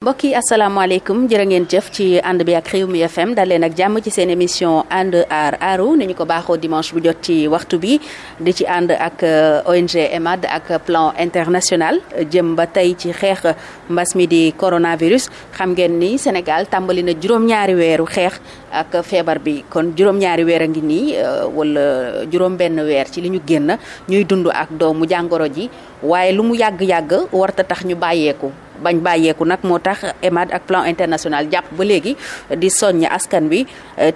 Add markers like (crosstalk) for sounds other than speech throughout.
mbokk yi asalaamaaleykum jërë ngeen jëf ci ànd bi ak Rewmi FM dal leen ak jàmm ci seen émission ànd aar aaru ni ñu ko baaxoo dimanche bu jot ci waxtu bi di ci ànd ak euh, ONG EMAD ak plan international jëm ba tey ci xeex mbas mi di coronavirus xam ngeen ni Sénégal tàmbali na juróom-ñaari weeru xeex ak feebar bi kon juróom-ñaari weer a ngi nii euh, wala juróom-benn weer ci li ñu génn ñuy dund ak doomu jàngoro ji. waaye lu mu yàgg-yàgg warta tax ñu bàyyeeku bañ bàyyeeku nag moo tax EMAD ak plan international jàpp ba léegi di soññ askan wi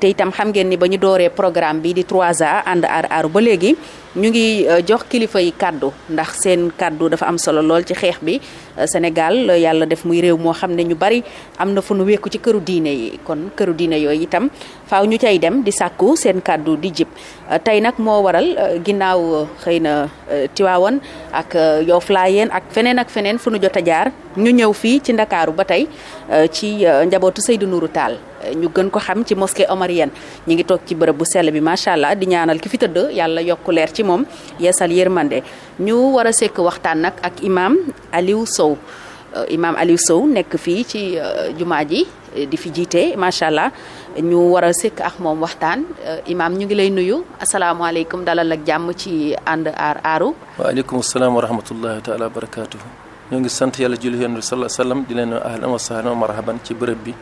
te itam xam ngeen ni ba ñu dooree programme bi di 3A ànd aar aaru ba léegi ñu ngi euh, jox kilifa yi kàddu ndax seen kàddu dafa am solo lool ci xeex bi euh, Sénégal euh, yàlla def muy réew moo xam ne ñu bari am na fu nu wékku ci këru diine yi kon këru diine yooyu itam faaw ñu cay dem di sàkku seen kàddu di jib tey nag moo waral ginnaaw xëy na Tiwaawan ak Yoff Laayeen ak feneen ak feneen fu nu jot a jaar ñu ñëw fii ci Ndakaaru ba tey ci njabootu Seydou Nourou Tall ñu gën ko xam ci mosquée omarienne ñu ngi toog ci bërëb bu sell bi macha allah di ñaanal ki fi tëdd yàlla yokku leer ci moom yeesal yërmande ñu war a sekk waxtaan nag ak imaam Aliou Sow euh, imam Aliou Sow nekk fii ci euh, jumaa ji euh, di fi jiite macha allah ñu war a sekk ak moom waxtaan imam ñu ngi lay nuyu asalaamaaleykum dalal ak jàmm ci ànd aar aaru. waaleykum salaam wa rahmatullahi taala wa barakaatu. ñoo ngi sant yàlla julli yonent bi sallallahu di leen ahlan wa wa marhaban ci bërëb bi.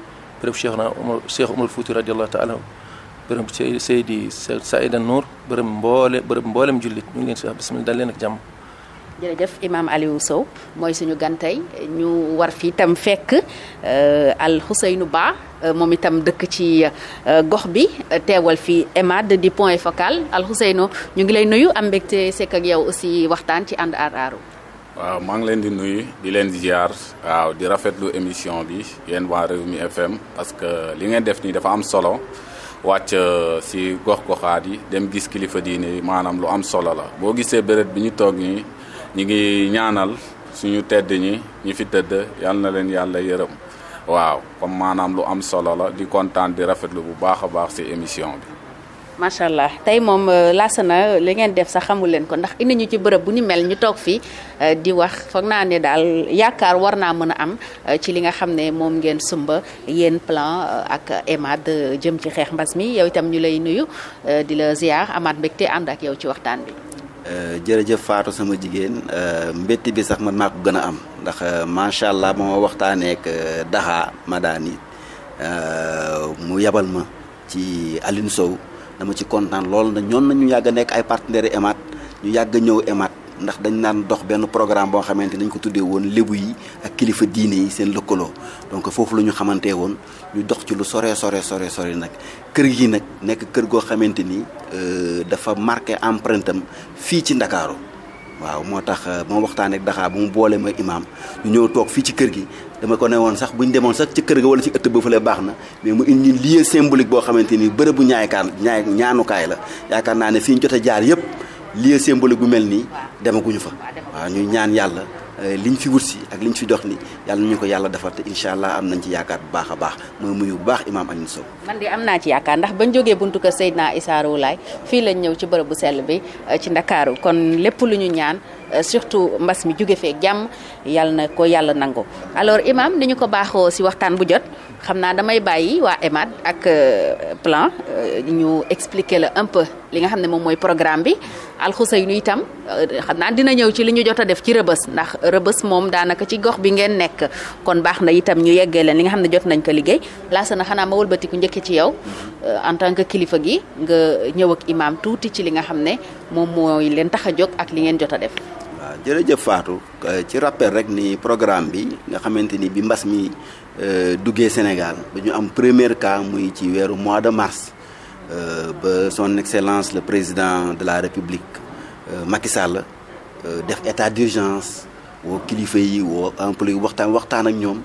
bërëb Cheikh na Umar Cheikh Umar Fouti radiallahu taala bërëb Seydi Saïda Nour bërëb mboole bërëb mboolem jullit ñu ngi leen si wax bisimilah dal leen ak jàmm jërëjëf imaam Aliou Sow mooy suñu gan ñu war fi tam fekk euh, al Ousseynou Ba euh, moom itam dëkk ci euh, gox bi teewal fi EMAD di point focal al Ousseynou ñu ngi lay nuyu am mbégte sekk ak yow aussi waxtaan ci ànd aar aaru waaw maa ngi leen di nuyu di leen ziar waaw di rafetlu émission bi yéen waa Rewmi FM parce que li ngeen def nii dafa am solo wàcc euh, si gox-goxaat yi dem gis kilifa diine yi maanaam lu am solo la boo gisee bërët bi ñu toog ñi ñu ngi ñaanal suñu tedd ñi ñi fi tëdd yal na leen yàlla yërëm waaw comme maanaam lu am solo la di kontaan di rafetlu bu baax a baax si émission bi. macha allah tey moom euh, na li ngeen def sax xamul leen ko ndax indi ñu ci bërëb bu ñu mel ñu toog fii euh, di wax foog naa ne daal yaakaar war naa mën a am euh, ci li nga xam ne moom ngeen sumba yéen plan ak EMAD jëm ci xeex mbas mi yow itam ñu lay nuyu di la ziar amaat mbégte ànd ak yow ci waxtaan bi. jërëjëf Fatou sama jigéen mbétti bi sax ma maa ko gën a am ndax macha allah ba ma waxtaanee ak Daxa Madani mu yabal ma ci Alioune Sow. dama ci kontaan lool na ñoon nañu yàgg a nekk ay partenaires EMAD ñu yàgg a ñëw EMAD ndax dañ naan dox benn programme boo xamante dañu ko tuddee woon lébu yi ak kilifa diine yi seen lëkkaloo donc foofu la ñu xamantee woon ñu dox ci lu sore sore sore sore nag kër gi nag nekk kër goo xamante ni euh, dafa marqué empreinte fii ci Ndakaaru waaw moo tax ba euh, ma waxtaan ak daxaa bu mu boolee ma imaam ñu ñëw toog fii ci kër gi dama ko ne woon sax buñ demoon sax ci kër gi wala ci ëtt ba fële baax na mais mu indi lii symbolique boo xamante ni bërëb bu ñaaykaan ñaay ñaanukaay la yaakaar naa ne fii ñu jot jaar yëpp lieu symbolique bu mel nii demaguñu fa waaw ñuy ñaan yàlla Euh, liñ fi wut si ak liñ fi dox ni yàlla nañu ko yàlla defar te incha allah am nañ ci yaakaar bu baax a baax mooy muyu bu baax imaam Alioune Sow man de am naa ci yaakaar ndax bañ jógee buntu kër Seydina Issa Rouhou Laye fii lañ ñëw ci bërëb bu sell bi euh, ci ndakaaru kon lépp lu ñu ñaan euh, surtout mbas mi jóge fee jàmm yàlla na ko yàlla nangu alors imam ni ñu ko baaxoo si waxtaan bu jot xam naa damay bàyyi waa EMAD ak plan ñu expliquer la un peu li nga xam ne moom mooy programme bi alxuseynu itam euh, xam naa dina ñëw ci li ñu jot a def ci rëbës ndax rëbës moom daanaka ci gox bi ngeen nekk kon baax na itam ñu yeggee leen li nga xam ne jot nañ ko liggéey laasana xanaa ma wëlbatiku njëkke ci yow euh, en tant que kilifa gi nga ñëw ak imaam tuuti ci li nga xam ne moom mooy leen tax a jóg ak li ngeen jot a def. waaw jërëjëf Fatou euh, ci rappel rek ni programme bi nga xamante ni bi mbas mi duggee Sénégal ñu am premier cas muy ci weeru mois de mars. Euh, ba son excellence le président de la république euh, Macky Sall euh, def état d'urgence woo kilifa yi woo employé waxtaan waxtaan ak ñoom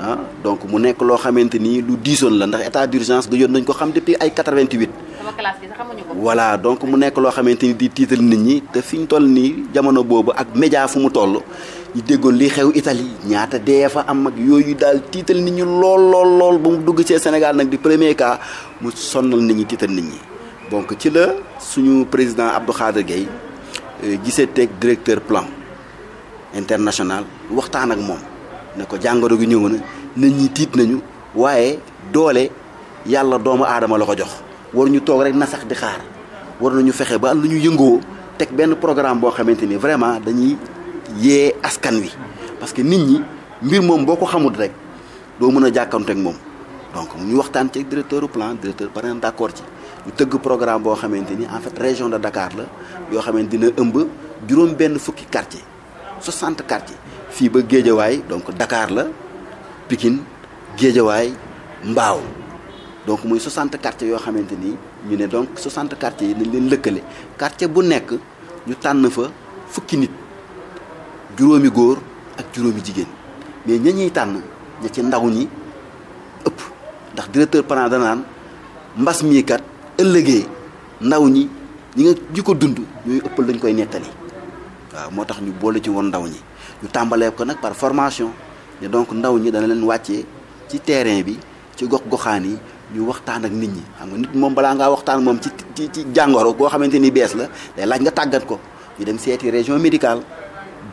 ah donc mu nekk loo xamante ni lu diisoon la ndax état d'urgence ga yoon nañ ko xam depuis ay 88. voilà donc mu nekk loo xamante ni di tiital nit ñi te fi ñu toll nii jamono boobu ak média fu mu toll. yi déggoon li xew Italie ñaata dee fa am mag yooyu daal tiital nit ñu lool lool lool ba mu dugg ci Sénégal nag di premier cas mu sonnal nit ñi tiital nit ñi donc ci la suñu président Abdou Khader Gueye euh, gisee teg directeur plan international waxtaan ak moom ne ko jàngaro gi ñëw na nit ñi tiit nañu waaye doole yàlla doomu aadama la ko jox war ñu toog rek na sax di xaar war nañu fexe ba lu ñu yëngoo teg benn programme boo xamante ni vraiment dañuy yee askan wi parce que nit ñi mbir moom boo ko xamul rek doo mën a jàkkanteeg moom donc ñu waxtaan ci directeur plan directeur parrain d' accord ci ñu tëgg programme boo xamante ni en fait région de Dakar la yoo xamante dina ëmb juróom benn fukki quartier 60 quartiers fii ba Géejawaay donc dakaar la Pikine Géejawaay Mbaaw donc muy 60 quartiers yoo xamante ni ñu ne donc 60 quartiers yi lañ leen lëkkale quartier bu nekk ñu tànn fa fukki nit juróomi góor ak juróomi jigéen mais ña ñuy tànn ña ci ndaw ñi ëpp ndax directeur Pana danaan mbas mii kat ëllëgee ndaw ñi ñi nga ñi ko dund ñooy ëppal lañ koy nettali waaw moo tax ñu boole ci woon ndaw ñi ñu tàmbalee ko nag par formation ne donc ndaw ñi dana leen wàccee ci terrain bi ci gox-goxaan yi ñu waxtaan ak nit ñi xam nga nit moom balaa ngaa waxtaan moom ci ci ci jàngoro goo xamante ni bees la day laaj nga tàggat ko ñu dem seeti région médical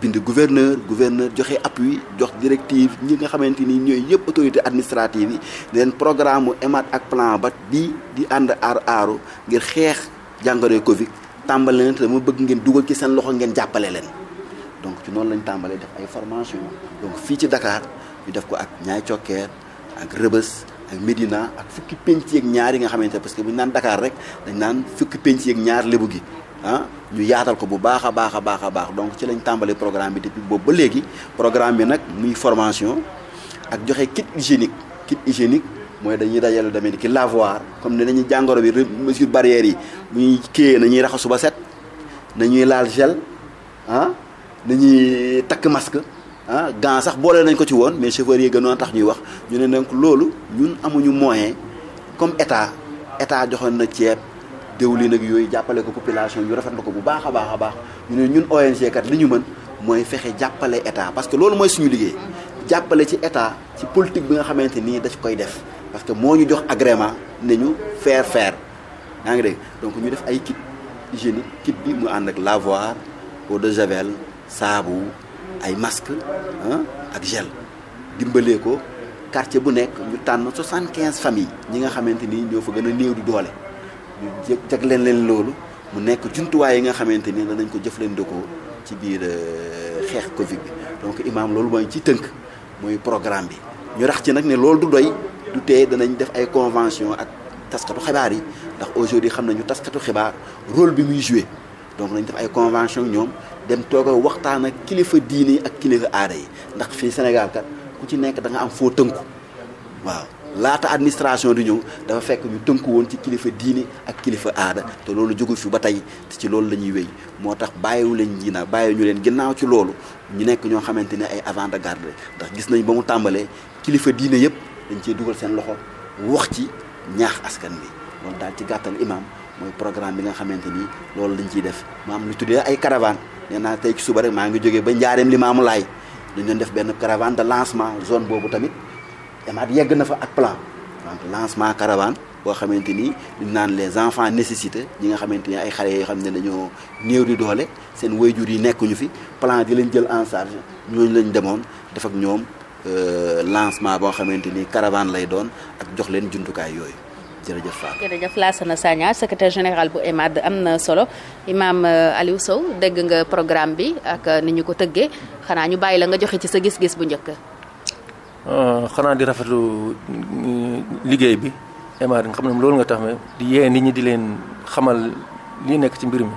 bind gouverneur gouverneur joxe appui jox directive ñi nga xamante ni ñooy yëpp autorité administrative yi leen programme mu EMAD ak plan bat bii di ànd aar aaru ngir xeex jàngaree Covid tàmbale leen te dama bëgg ngeen dugal ci seen loxo ngeen jàppale leen donc ci noonu lañ tàmbalee def ay formation donc fii ci dakaar ñu def ko ak ñaay cokkeer ak rëbës ak Médina ak fukki penc yeeg ñaar yi nga xamante parce que bu naan dakaar rek dañ naan fukki penc yeeg ñaar lébu gi ah ñu yaatal ko bu baax a baax a baax a baax donc ci lañ tàmbali programme bi depuis boobu ba léegi programme bi nag muy formation ak joxe kit hygiénique kit hygiénique mooy dañuy dajale lu demee ni ki lavoir comme ne nañuy jàngoro bi mesure barrière yi bu ñuy kiiyee nañuy raxasu ba set nañuy laal gel ah nañuy takk masque ah gant sax boole nañ ko ci woon mais chauffeurs yi gënoon tax ñuy wax ñu ne donc loolu ñun amuñu moyen comme état état joxoon na ceeb. déwlin ak yooyu jàppale ko population ñu rafetlu ko bu baax a baax a baax ñu ne ñun ONG kat li ñu mën mooy fexe jàppale état parce que loolu mooy suñu liggéey jàppale ci état ci politique bi nga xamante nii daf koy def parce que moo ñu jox agrément ne ñu faire faire yaa ngi donc ñu def ay kit hygiénique kit bi mu ànd ak lavoir eau de javel saabu ay masque ah ak gel dimbalee ko quartier bu nekk ñu tànn 75 familles ñi nga xamante ni ñoo fa gën a néew doole ñu jeg leen leen loolu mu nekk jumtuwaay yi nga xamante ni danañ ko leen jëfandikoo ci biir euh, xeex Covid bi donc imaam loolu mooy ci tënk mooy programme bi ñu rax ci nag ne loolu du doy du tee danañ def ay convention ak taskatu xibaar yi ndax aujourd'hui xam na nañu taskatu xibaar role bi muy joué donc nañ def ay convention ñoom dem toog a waxtaan ak kilifa diini ak kilifa aada yi ndax fii Sénégal kat ku ci nekk da am foo tënku waaw laata administration di ñëw dafa fekk ñu tënku woon ci kilifa diini ak kilifa aada te loolu jógu fi ba tey te ci loolu la ñuy wéy moo tax bàyyiwu leen jiina bàyyi ñu leen ginnaaw ci loolu ñu nekk ñoo xamante ne ay avant-garde de ndax gis nañ ba mu tàmbalee kilifa diine yëpp dañ cee dugal seen loxo wax ci ñaax askan bi loolu daal ci gàttal imaam mooy programme bi nga xamante ni loolu lañ ciy def ma am lu tuddee ay caravane nee naa tey ci suba rek maa ngi jógee ba njaareem li maamu laay dañ doon def benn caravane de lancement zone boobu tamit Yamaat yegg na fa ak plan lancement caravane boo xamante ni naan les enfants nécessité ñi nga xamante ni ay xale yoo xam ne dañoo néew di doole seen jur yi nekkuñu fi plan di lañ jël en charge ñooñu lañ demoon def ak ñoom euh, lancement boo xamante ni caravane lay doon ak jox leen jumtukaay yooyu jërëjëf Fatou. jërëjëf na Sagna secretaire général bu EMAD am na solo imaam euh, Aliou Sow dégg nga programme bi ak euh, ni ñu ko tëggee xanaa ñu bàyyi la nga joxe ci sa gis-gis bu njëkk. Euh, xanaa di rafetu euh, liggéey bi Emad nga xam ne loolu nga tax me yee nit ñi di leen xamal li nekk ci mbir mi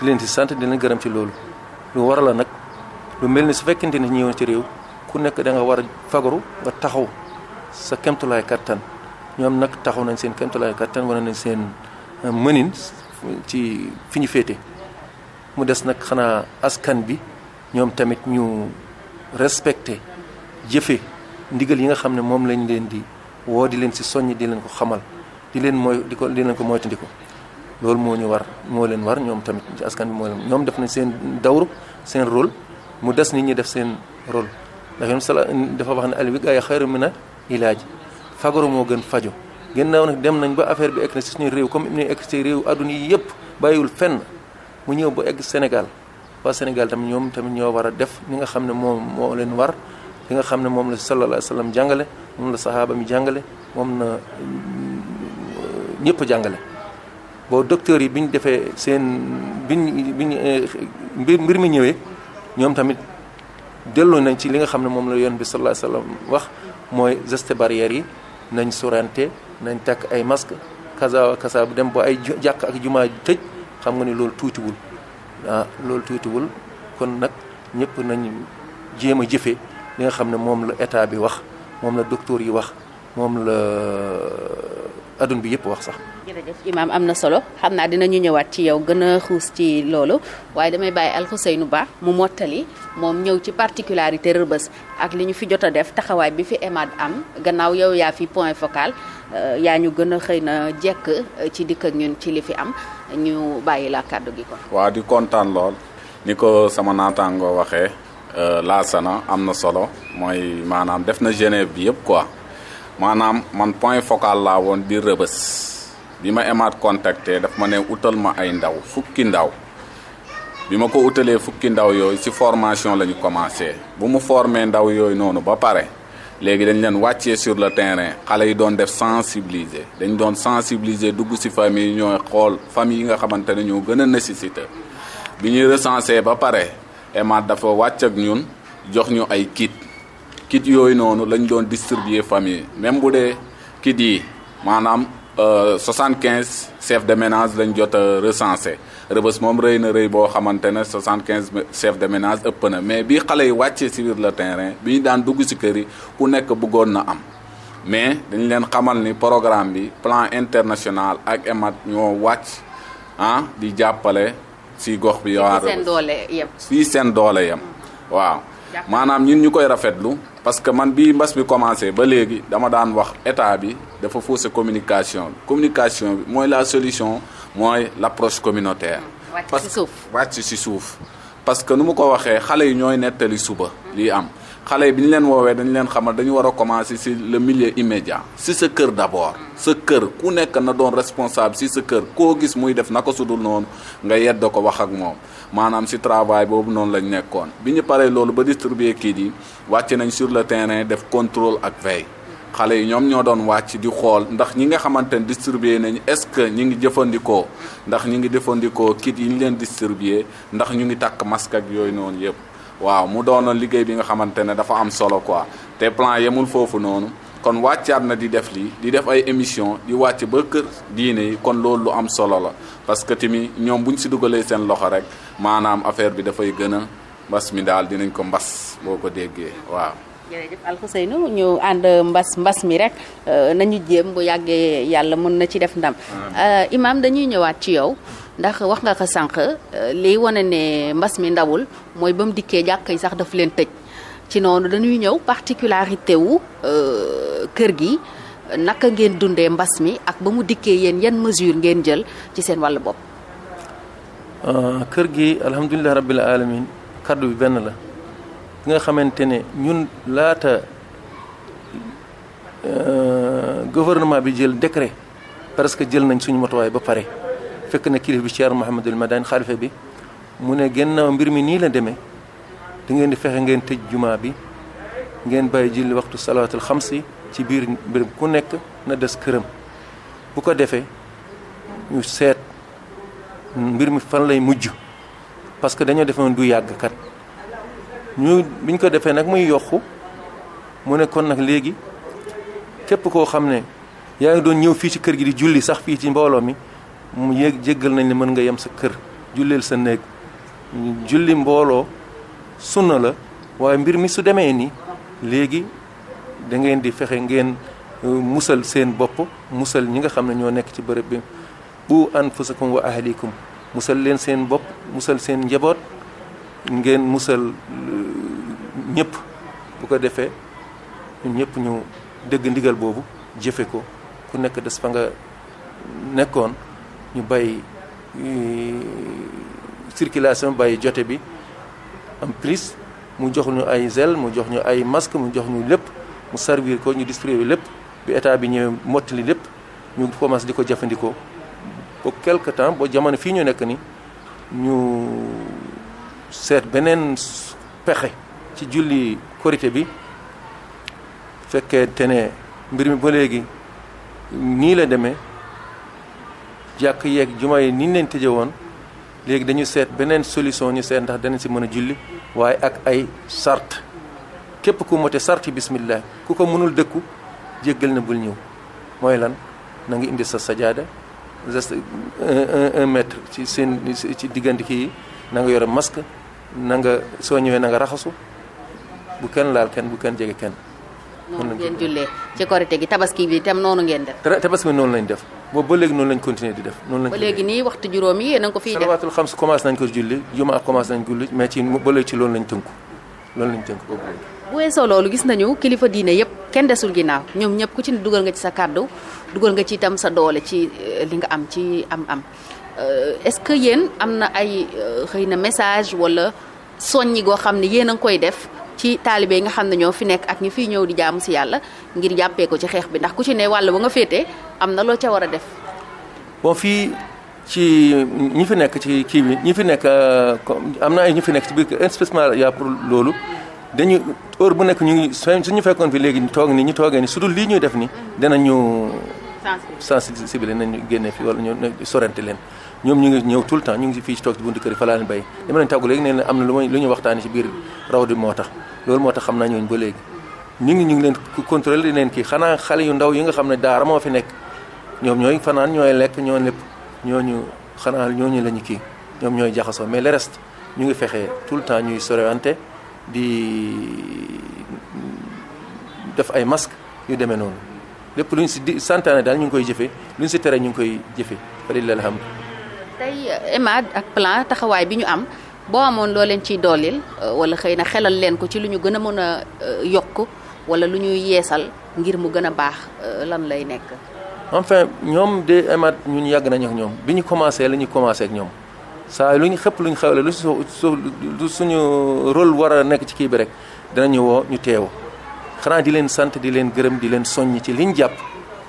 di leen si sant di leen gërëm ci loolu lu war la nag lu mel ni su fekkente ni ñëwoon ci réew ku nekk da nga war a fagaru nga taxaw sa kemtulaay kattan ñoom nag taxaw nañ seen kemtulaay kattan wane nañ seen euh, mënin ci fi ñu féete mu des nag xanaa askan bi ñoom tamit ñu respecté jëfe ndigal yi nga xam ne moom lañ leen di woo di leen si soññ di leen ko xamal di leen mooy di ko di leen ko moytandiku loolu moo ñu war moo leen war ñoom tamit askan bi moo leen ñoom def nañ seen dawru seen rôle mu des nit ñi def seen rôle ndax yoon dafa wax ne al wiqaaya xayru mina ilaaj fagaru moo gën faju gannaaw nag dem nañ ba affaire bi egg suñu réew comme ni egg si réew adduna yi yëpp bàyyiwul fenn mu ñëw ba egg Sénégal waa Sénégal tamit ñoom tamit ñoo war a def ñi nga xam ne moom moo leen war li nga xam ne moom la sallallahu alayhi wa jàngale moom la saxaaba mi jàngale moom na euh, ñëpp jàngale boo docteurs yi bi ñu defee seen biñ biñ euh, mbir mbir mi ñëwee ñoom tamit delloo nañ ci li nga xam ne moom la yoon bi sallallahu alayhi wa wax mooy geste barrières yi nañ sorante nañ takk ay masque kasa kasa bu dem ba ay jàkk ak jumaa tëj xam nga ni loolu tuutiwul ah loolu tuutiwul kon nag ñëpp nañ jéem a jëfee li nga xam ne moom la état bi wax moom la docteur yi wax moom la euh, adduna bi yëpp wax sax. jërëjëf Imaam am na solo xam naa dina ñu ñëwaat ci yow gën a xuus ci loolu waaye damay bàyyi Alxuseynu Ba mu mottali moom ñëw ci particularité Rebeuss ak li ñu fi jot a def taxawaay bi fi EMAD am gannaaw yow yaa fi point focal euh, yaa ñu gën a xëy na jekk euh, ci dikk ak ci li fi am ñu bàyyi la kàddu gi kon. waaw di kontaan lool ni ko sama naataango waxee. Euh, laasana am na solo mooy maanaam def na Genève bi yëpp quoi maanaam man point focal laa woon di rëbës bi ma emaat contacté daf ma ne utal ma ay ndaw fukki ndaw bi ma ko utalee fukki ndaw yooyu ci formation la ñu commencé bu mu formee ndaw yooyu noonu ba pare léegi dañ leen wàccee sur le terrain xale yi doon def sensibiliser dañ doon sensibiliser dugg ci famille yi ñooy xool famille yi nga xamante ne ñoo gën a nécessité bi ñuy recensé ba pare EMAD dafa wàcc ak ñun jox ñu ay kit kit yooyu noonu lañ doon distribuer famille même bu dee kit yi maanaam euh, soixante quinze chef de ménage lañ jot a recensé moom rëy na rëy boo xamante ne soixante quinze chef de ménage ëpp na mais bi xale yi wàccee si biir le terrain bi ñu daan dugg si kër yi ku nekk bëggoon na am mais dañ leen xamal ni programme bi plan international ak EMAD ñoo wàcc ah di jàppale si gox bi. waa seen doole yem. seen doole yem waaw. maanaam ñun ñu koy rafetlu parce que man bii mbas mi commencé ba léegi dama daan wax état bi dafa faussé communication bi communication mooy la solution mooy l' approche communautaire. wàcc si suuf parce que wàcc si suuf. parce que nu mu ko waxee xale yi ñooy nettali suba. lii am xale yi bi ñu leen woowee dañu leen xamal dañu war a si ci le milieu immédiat si sa kër d'abord sa kër ku nekk na doon responsable ci sa kër koo gis muy def naka sudul noonu nga yedd ko wax ak moom maanaam si travail boobu noonu lañ nekkoon bi ñu paree loolu ba distribuer kii yi wàcc nañ sur le terrain def contrôle ak veille xale yi ñoom ñoo doon wàcc di xool ndax ñi nga xamante ne distribué nañ est-ce que ñu ngi jëfandikoo ndax ñu ngi jëfandikoo kit yi ñu leen distribué ndax ñu ngi takk masque yooyu noonu yëpp waaw mu doon liggéey bi nga xamante ne dafa am solo quoi te plan yemul foofu noonu kon wàccaat na di def lii di def ay émission di wàcc ba kër diine yi kon loolu lu am solo la parce que tamit ñoom bu ñu si dugalee seen loxo rek maanaam affaire bi dafay gën a mbas mi daal dinañ ko mbas boo ko déggee waaw. jërëjëf Alxuseynu ñu ànd mbas mbas mi rek euh, nañu jéem bu yàggee yàlla mën na ci def ndam. Euh, imaam dañuy ñëwaat ci yow. ndax wax nga ko sànq euh, liy wane ne mbas mi ndawul mooy ba mu dikkee jàkka yi sax daf leen tëj ci noonu dañuy ñëw particularité wu euh, kër gi naka ngeen dundee mbas mi ak ba mu dikkee yéen yan mesure ngeen jël ci seen wàllu bopp. Euh, kër gi alhamdulilah rabbil alamin kaddu bi benn la bi nga xamante ne ñun laata gouvernement bi jël décret parce que jël nañ suñu matuwaay ba pare. fekk na kilif bi Cheikh Mouhamadul Madani xalifa bi mu ne gennaaw mbir mi nii la demee da di fexe ngeen tëj jumaa bi ngeen bàyyi julli waxtu salaatul xamsi ci biir mbir ku nekk na des këram bu ko defee ñu seet mbir mi fan lay mujj parce que dañoo defoon du yàgg kat ñu biñ ko defee nag muy yokku mu ne kon nag léegi képp koo xam ne yaa ngi doon ñëw fii ci kër gi di julli sax fii ci mbooloo mi mu yéeg jéggal nañ ne mën nga yem sa kër julleel sa néeg julli mbooloo sunna la waaye mbir mi su demee ni léegi dangeen di fexe ngeen uh, musal seen bopp musal ñi nga xam ne ñoo nekk ci bërëb bi bu anfusakum wa ahlikum musal leen seen bopp musal seen njaboot ngeen musal uh, ñépp bu ko defee ñëpp ñu dégg ndigal boobu jëfe ko ku nekk des fa nga nekkoon ñu bàyyi euh, circulation bàyyi jote bi en plus mu jox ñu ay gel mu jox ñu ay masque mu jox ñu lépp mu servir ko ñu distribuer lépp bi état bi ñëwee mottali lépp ñu commencé di ko jëfandikoo ba quelque temps ba jamono fii ñu nekk ni ñu seet beneen pexe ci julli korité bi fekkee te ne mbir mi ba léegi nii la demee jàkk yeeg juma yi ni leen tëjee woon léegi dañu seet beneen solution ñu seet ndax danañ si mën a julli waaye ak ay sart képp ku mote sart yi bismillah ku ko mënul dëkku jéggal na bul ñëw mooy lan na nga indi sa sajaada geste un mètre ci seen ci diggante kii yi na nga yore masque na nga soo ñëwee na nga raxasu bu kenn laal kenn bu kenn jege kenn noonu ngeen jullee ci korite gi tabaski bi itam noonu ngeen def tabaski bi noonu lañ def boobu ba léegi noonu lañ continuer di def noonu lañ ba léegi nii a ngi ko fiy def salawaatul xams commencé nañ ko julli juma commencé nañ julli mais ci ba léegi ci loolu lañ tënku loolu lañ bu weesoo loolu gis nañu kilifa diine yëpp kenn desul ginnaaw ñoom ñëpp ko ci ne dugal nga ci sa kàddu dugal nga ci itam sa doole ci euh, li nga am ci am am euh, est-ce que yéen am na ay euh, xëy na message wala soññi goo xam ne yéen a ngi koy def ci taalibe yi nga xam ne ñoo fi nekk ak ñi fiy ñëw di jaamu si yàlla ngir jàppee ko ci xeex bi ndax ku ci ne wàll ba nga féetee am na loo ca war a def. boo fii ci ñi fi nekk ci kii bi ñi fi nekk euh, am na ay ñi fi nekk ci biir spécialement pour loolu dañu heure bu nekk ñu ngi suñu fekkoon fi léegi ñu toog ni ñu toogee ni su dul lii ñuy def ni danañu. sensibiliser nañ ñu génne fi wala ñu sorente leen ñoom ñu ngi ñëw tout le temps ñu ngi fii ci toog ci buntu kër yi fa laa leen bàyyi dama leen tàggu léegi ne am na lu may lu ñu waxtaani ci biir raw di moo tax loolu moo tax xam naa ñooñu ba léegi ñu ngi ñu ngi leen contrôlé di leen kii xanaa xale yu ndaw yi nga xam ne daara moo fi nekk ñoom ñooy fanaan ñooy lekk ñoo lépp ñooñu xanaa ñooñu la ñu kii ñoom ñooy jaxasoo mais le reste ñu ngi fexe tout le temps ñuy sorewante di def ay masque yu demee noonu lépp lu ñu si di santaane daal ñu ngi koy jëfee lu ñu si tere ñu ngi koy jëfee walilahi alhamdu tey EMAD ak plan taxawaay bi ñu am boo amoon loo leen ciy dooleel euh, wala xëy na xelal leen ko ci lu ñu gën a mën a euh, yokk wala lu ñuy yeesal ngir mu gën a baax euh, lan lay nekk enfin ñoom de EMAD ñun yàgg nañu ak ñoom bi ñu commencé lu ñu commencé ak ñoom saa lu ñu xëpp lu ñu xewle lu suñu rôle war a nekk ci kii bi rek dinañu woo ñu teew xanaa di leen sant di leen gërëm di leen soññ ci liñ jàpp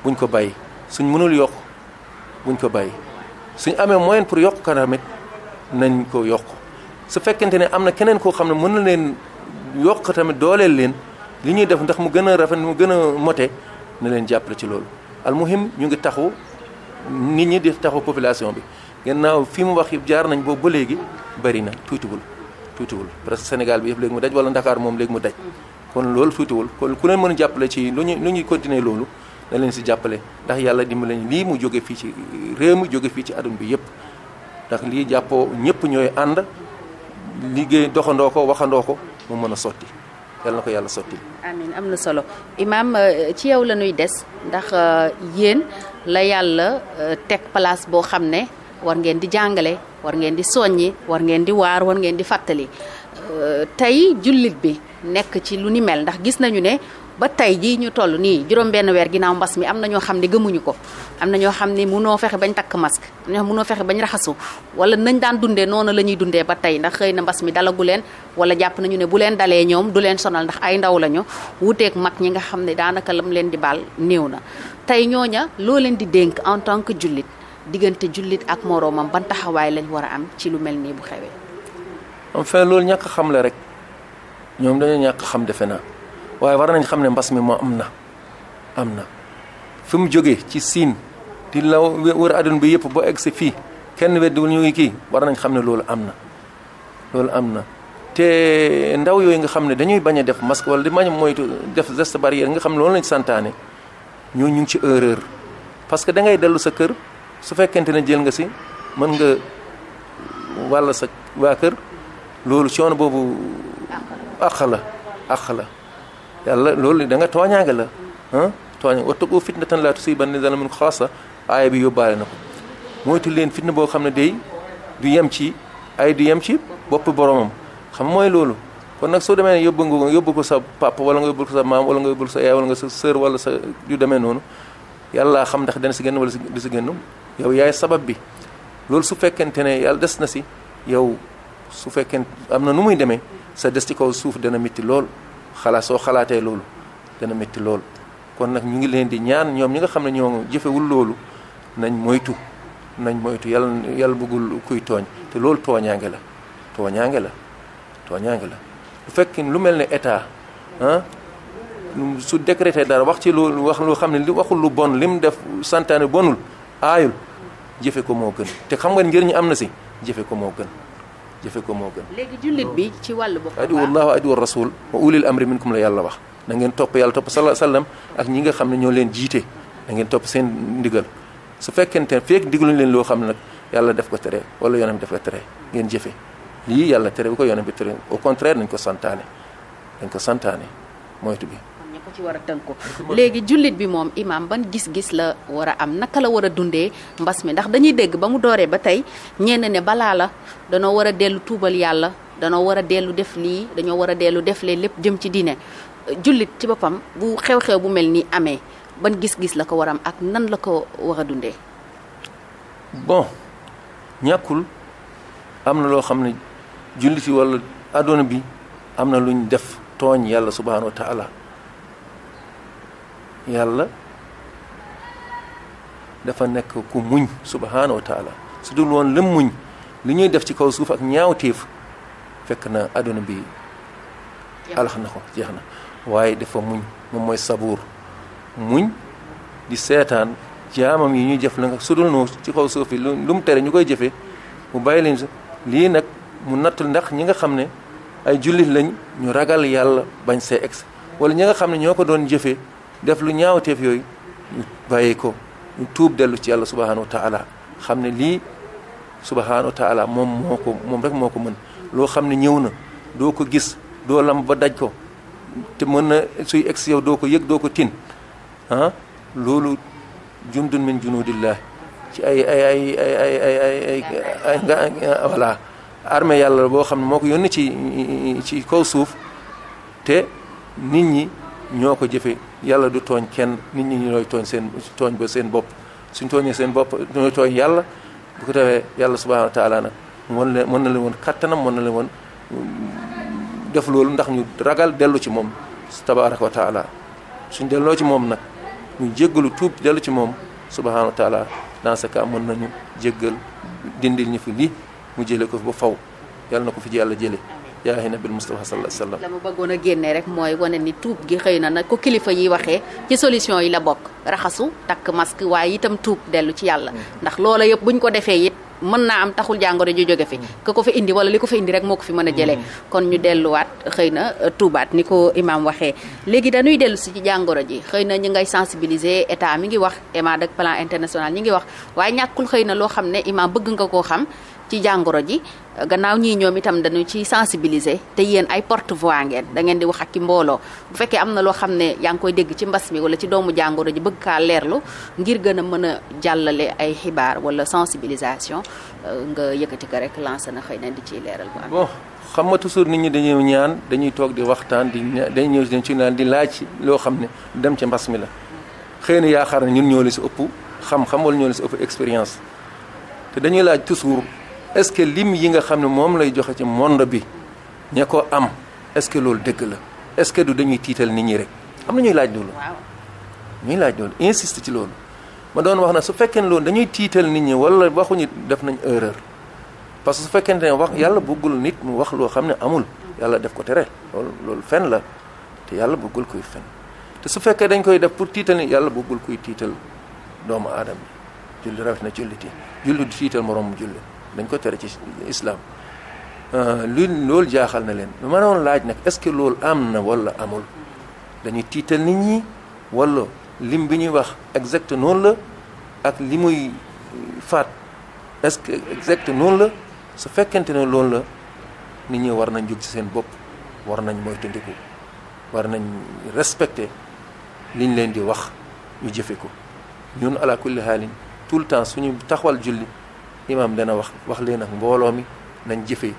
buñ ko bàyyi suñ mënul yokk buñ ko bàyyi suñ amee moyen pour yokk kanamit nañ ko yokk su fekkente ne am na keneen koo xam ne mën na leen yokk tamit dooleel leen li ñuy def ndax mu gën a rafet mu gën a mote na leen jàppale ci loolu almuhim ñu ngi taxu nit ñi di taxu population bi gannaaw fi mu wax yëpp jaar nañ boobu ba léegi bari na tuutiwul tuutiwul parce que Sénégal bi yëpp léegi mu daj wala Ndakaar moom léegi mu daj kon loolu tuutiwul kon ku leen mën a jàppale ci lu ñu lu ñuy continuer loolu na leen si jàppale ndax yàlla dimbali leen lii mu jóge fii ci réew mu jóge fii ci aduna bi yëpp ndax lii jàppoo ñëpp ñooy ànd liggéey doxandoo ko waxandoo ko mu mën a sotti yàlla na ko yàlla sotti. amiin am na solo Imaam euh, ci yow la des ndax euh, yéen la yàlla euh, teg place boo xam ne war ngeen di jàngale war ngeen di soññi war ngeen di waar war ngeen di fàttali tey jullit bi. nekk ci lu ni mel ndax gis nañu ne ba tey jii ñu toll nii juróom benn weer ginnaaw mbas mi am na ñoo xam ne gëmuñu ko am na ñoo xam ne mu noo fexe bañ takk masque am na munoo fexe bañ raxasu wala nañ daan dundee noonu la ñuy dundee ba tey ndax xëy na mbas mi dalagu leen wala jàpp nañu ne bu leen dalee ñoom du leen sonal ndax ay ndaw lañu wuuteeg mag ñi nga xam ne daanaka lam leen di baal néew na tey ñooña loo leen di dénk en tant que jullit diggante jullit ak moroomam ban taxawaay lañ war a am ci lu mel nii bu xewee. enfin loolu ñàkk xam la rek. ñoom dañoo ñàkk xam defe naa waaye war nañ xam ne mbas mi moo am na am na fi mu jógee ci siin di la wër adduna bi yëpp boo egg si fii kenn weddiwul ñu ngi kii war nañ xam ne loolu am na loolu am na te ndaw yooyu nga xam ne dañuy bañ a def masque wala di bañ a moytu def geste barrière nga xam ne loolu nañ santaane ñoo ñu ngi ci erreur parce que da ngay dellu sa kër su fekkente ne jël nga si mën nga wàll sa waa kër loolu coono boobu lépp àq la àq la yàlla loolu da nga tooñaange la ah tooña wattaqu fitnatan laa tusiibanna zaalimiina minkum xaassa aaya bi yóbbaale na ko moytu leen fitna boo xam ne day du yem ci ay du yem ci bopp boromam xam mooy loolu kon nag soo demee ne yóbbu nga yóbbu ko sa papa wala nga yóbbu ko sa maam wala nga yóbbu ko sa yaay wala nga sa sœur wala sa yu demee noonu yàlla xam ndax dana si génn wala du si génn yow yaay sabab bi loolu su fekkente ne yàlla des na si yow su fekkente am na nu muy demee sa des ci kaw suuf dana métti lool xalaat soo xalaatee loolu dana métti lool kon nag ñu ngi leen di ñaan ñoom ñi nga xam ne ñoo jëfewul loolu nañ moytu nañ moytu yàlla yàlla bëggul kuy tooñ te loolu tooñaange la tooñaange la tooñaange la bu fekkee lu mel ne état ah su décrété dara wax ci loolu wax loo xam ne li waxul lu bon lim def santaane bonul aayul jëfe ko moo gën te xam nga ñi am na si jëfe ko moo gën jëfe ko moo gën. léegi jullit bi ci wàllu boppam. adi wallahu adi wa rasul wa ulil amri minkum la yàlla wax na ngeen topp yàlla topp sala sallam ak ñi nga xam ne ñoo leen jiite na ngeen topp seen ndigal su fekkente feek digluñ leen loo xam ne nag yàlla def ko tere wala yoonam def ko tere ngeen jëfe lii yàlla tere bu ko yoonam bi tere au contraire nañ ko santaane dañ ko santaane moytu bi war a ko léegi jullit bi moom imaam ban gis-gis la war a am naka la war a dundee mbas mi ndax dañuy dégg ba mu dooree ba tey ñenn ne balaa la danoo war a dellu tuubal yàlla danoo war a dellu def lii dañoo war a dellu def lee lépp jëm ci diine jullit ci boppam bu xew-xew bu mel nii amee ban gis-gis la ko war am ak nan la ko war a dundee bon ñàkkul am na loo xam ne jullit yi wala adduna bi am na luñ def tooñ yàlla subhanahu yàlla dafa nekk ku muñ subhaanahu wa taala su dul muñ li ñuy def ci kaw suuf ak ñaawteef fekk na àdduna bi alax na ko jeex na waaye dafa muñ moom mooy sabuur muñ di seetaan jaamam yi ñuy jëf la nga su dul ci kaw suuf bi lu mu tere ñu koy jëfee mu bàyyi leen lii nag mu nattul ndax ñi nga xam ne ay jullit lañ ñu ragal yàlla bañ see ex wala ñi nga xam ne ñoo ko doon jëfee def lu ñaawteef yooyu ñu bàyyi ko ñu tuub dellu ci yàlla subhanahu wa taala xam ne lii subhanahu wa taala moom moo ko moom rek moo ko mën loo xam ne ñëw na doo ko gis doo lam ba daj ko te mën na suy egg si yow doo ko yëg doo ko tin ah loolu jundun min junudillah ci ay ay ay ay ay ay ay ay nga voilà armée yàlla boo xam ne moo ko yónni ci ci kaw suuf te nit ñi ñoo ko jëfee yàlla du tooñ kenn nit ñi ñooy tooñ seen tooñ ba seen bopp suñ tooñee seen bopp ñooy tooñ yàlla bu ko defee yàlla subhanahu wa taala nag mën na mën na leen woon kattanam mën na leen woon def loolu ndax ñu ragal dellu ci moom tabaraka wa suñ delloo ci moom nag ñu jéggalu tuub dellu ci moom subhanahu wa taala dans ce nañu jéggal dindil ñu fi lii mu jële ko ba faw yàlla na ko fi yàlla jële yaa nabil Mustafa sallallahu alayhi bëggoon a génne rek mooy wone ni tuub gi xëy na nag ko kilifa yi waxee ci solution yi la bokk raxasu takk masque waaye itam tuub dellu ci yàlla. ndax loola yëpp ñu ko defee it mën naa am taxul jàngoro ji jóge fi. ka ko fi indi wala li ko fi indi rek moo ko fi mën a jëlee. kon ñu delluwaat xëy na euh, tuubaat ni ko imaam waxee. léegi dañuy dellu si ci jàngoro ji xëy na ñi ngay sensibiliser état mi ngi wax EMAD ak plan international ñi ngi wax waaye ñàkkul xëy na loo xam ne imaam bëgg nga koo xam ci jàngoro ji gannaaw ñii ñoom itam dañu ci sensibiliser te yéen ay porte-voix ngeen da ngeen di wax ak ki mbooloo bu fekkee am na loo xam ne yaa ngi koy dégg ci mbas mi wala ci doomu jàngoro ji bëgg kaa leerlu ngir gën a mën a jàllale ay xibaar wala sensibilisation euh, nga yëkkati ko rek lancé na xëy na di ciy leeral bu am bon xam nga toujours nit ñi dañuy ñaan dañuy toog di waxtaan di dañ ñëw ci naan di laaj loo xam ne dem ca mbas la xëy na yaakaar na ñun ñoo la si ëpp xam-xam wala ñoo si ëpp expérience te dañuy laaj toujours est-ce que lim yi nga xam ne moom lay joxe ci monde bi ña ko am est-ce que loolu dëgg la est-ce que du dañuy tiital nit ñi rek am na ñuy laaj loolu. ñuy laaj loolu insiste ci loolu. ma doon wax na su fekkee ne loolu dañuy tiital nit ñi wala waxuñu def nañ erreur parce que su fekkente ne wax yàlla bëggul nit mu wax loo xam ne amul. yàlla def ko tere loolu fen la te yàlla bëggul kuy fen te su fekkee dañ koy def pour tiital ni yàlla bëggul kuy tiital doomu aadama julli rawatina julliti julli du tiital moroom julli dañ ko tere ci islam euh, li loolu jaaxal na leen ma doon laaj nag est-ce que loolu am na walla amul dañuy tiital nit ñi wala lim bi ñuy wax exact noonu la ak li muy faat est-ce que exact noonu la su fekkente ne loolu la nit ñi war nañ jóg ci seen bopp war nañ moytandiku war nañ respecter liñ leen di wax ñu jëfe ko ñun ala kulli haalin tout le temps suñu taxawal julli imaam dana wax wax leen ak mbooloo mi nañ jëfee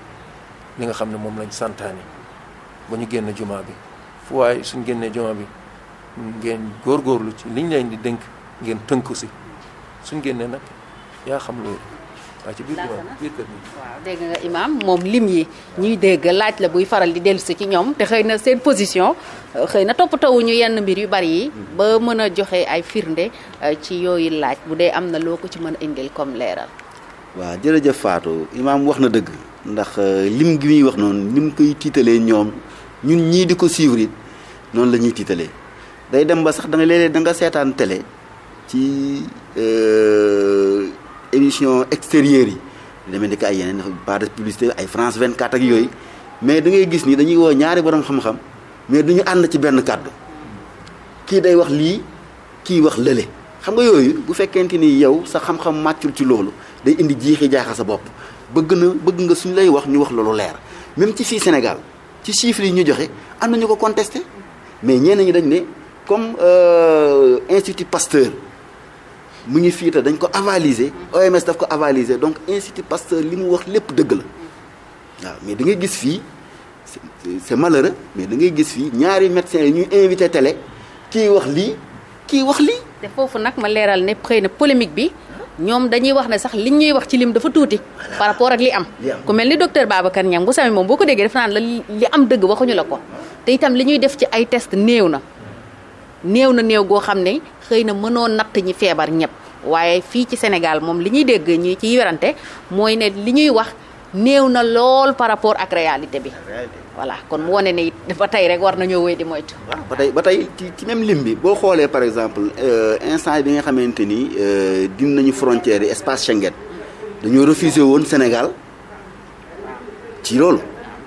li nga xam ne moom lañ santaane ba ñu génn jumaa bi fu waaye suñ génnee jumaa bi ngeen góorgóorlu ci liñ leen di dénk ngeen tënku si suñ génnee nag yaa xam loolu ci biir biir kër moom lim yi ñuy dégg laaj la buy faral di dellusi ci ñoom te xëy na seen position euh, xëy na toppatawuñu yenn mbir yu bari yi ba mën a joxe ay firnde euh, ci yooyu laaj bu dee am na loo ko ci mën a indil comme leeral waaw jërëjëf Fatou imaam wax na dëgg ndax euh, lim gi muy wax noonu ni mu koy tiitalee ñoom ñun ñii di ko suivre it noonu la ñuy tiitalee day dem ba sax da nga léeg-léeg da nga seetaan télé ci euh, émission extérieure yi demee ni ay yeneen pas publicité ay France 24 ak yooyu mais da ngay gis ni dañuy woo ñaari borom xam-xam mais duñu ànd ci benn kàddu kii day wax lii kii wax lële xam nga yooyu bu fekkente ni yow sa xam-xam màccul ci loolu day indi jiixi jaaxa sa bopp bëgg na bëgg nga suñ lay wax ñu wax loolu leer même ci fii Sénégal ci chiffres yi ñu joxe am na ñu ko contesté mais ñeen ñi dañ ne comme euh, Institut Pasteur mu ngi fii dañ ko avaliser OMS daf ko avaliser donc Institut Pasteur li mu wax lépp dëgg la waaw mais da ngay gis fii c'est malheureux mais da ngay gis fii ñaari médecins yi ñuy invité télé kii wax lii kiy wax lii. te foofu nag ma leeral ne xëy na polémique bi ñoom dañuy wax ne sax li ñuy wax ci lim dafa tuuti par ak li am ku mel ni docteur Babacar Niang bu moom boo ko déggee def naan la li am dëgg waxuñu la ko te itam li ñuy def ci ay test néew na néew na néew goo xam ne xëy na mënoo natt ñi feebar ñëpp waaye fii ci Sénégal moom li ñuy dégg ñu ci werante mooy ne li ñuy wax néew na lool par rapport ak réalité bi voilà kon mu wane ne it ba tey rek war nañoo wéy di moytu. waaw ba tey ba tey ci ci même lim bi boo xoolee par exemple euh, instant bi nga xamante ni euh, dinañu frontière yi espace Schengen dañoo refusé woon Sénégal ci loolu.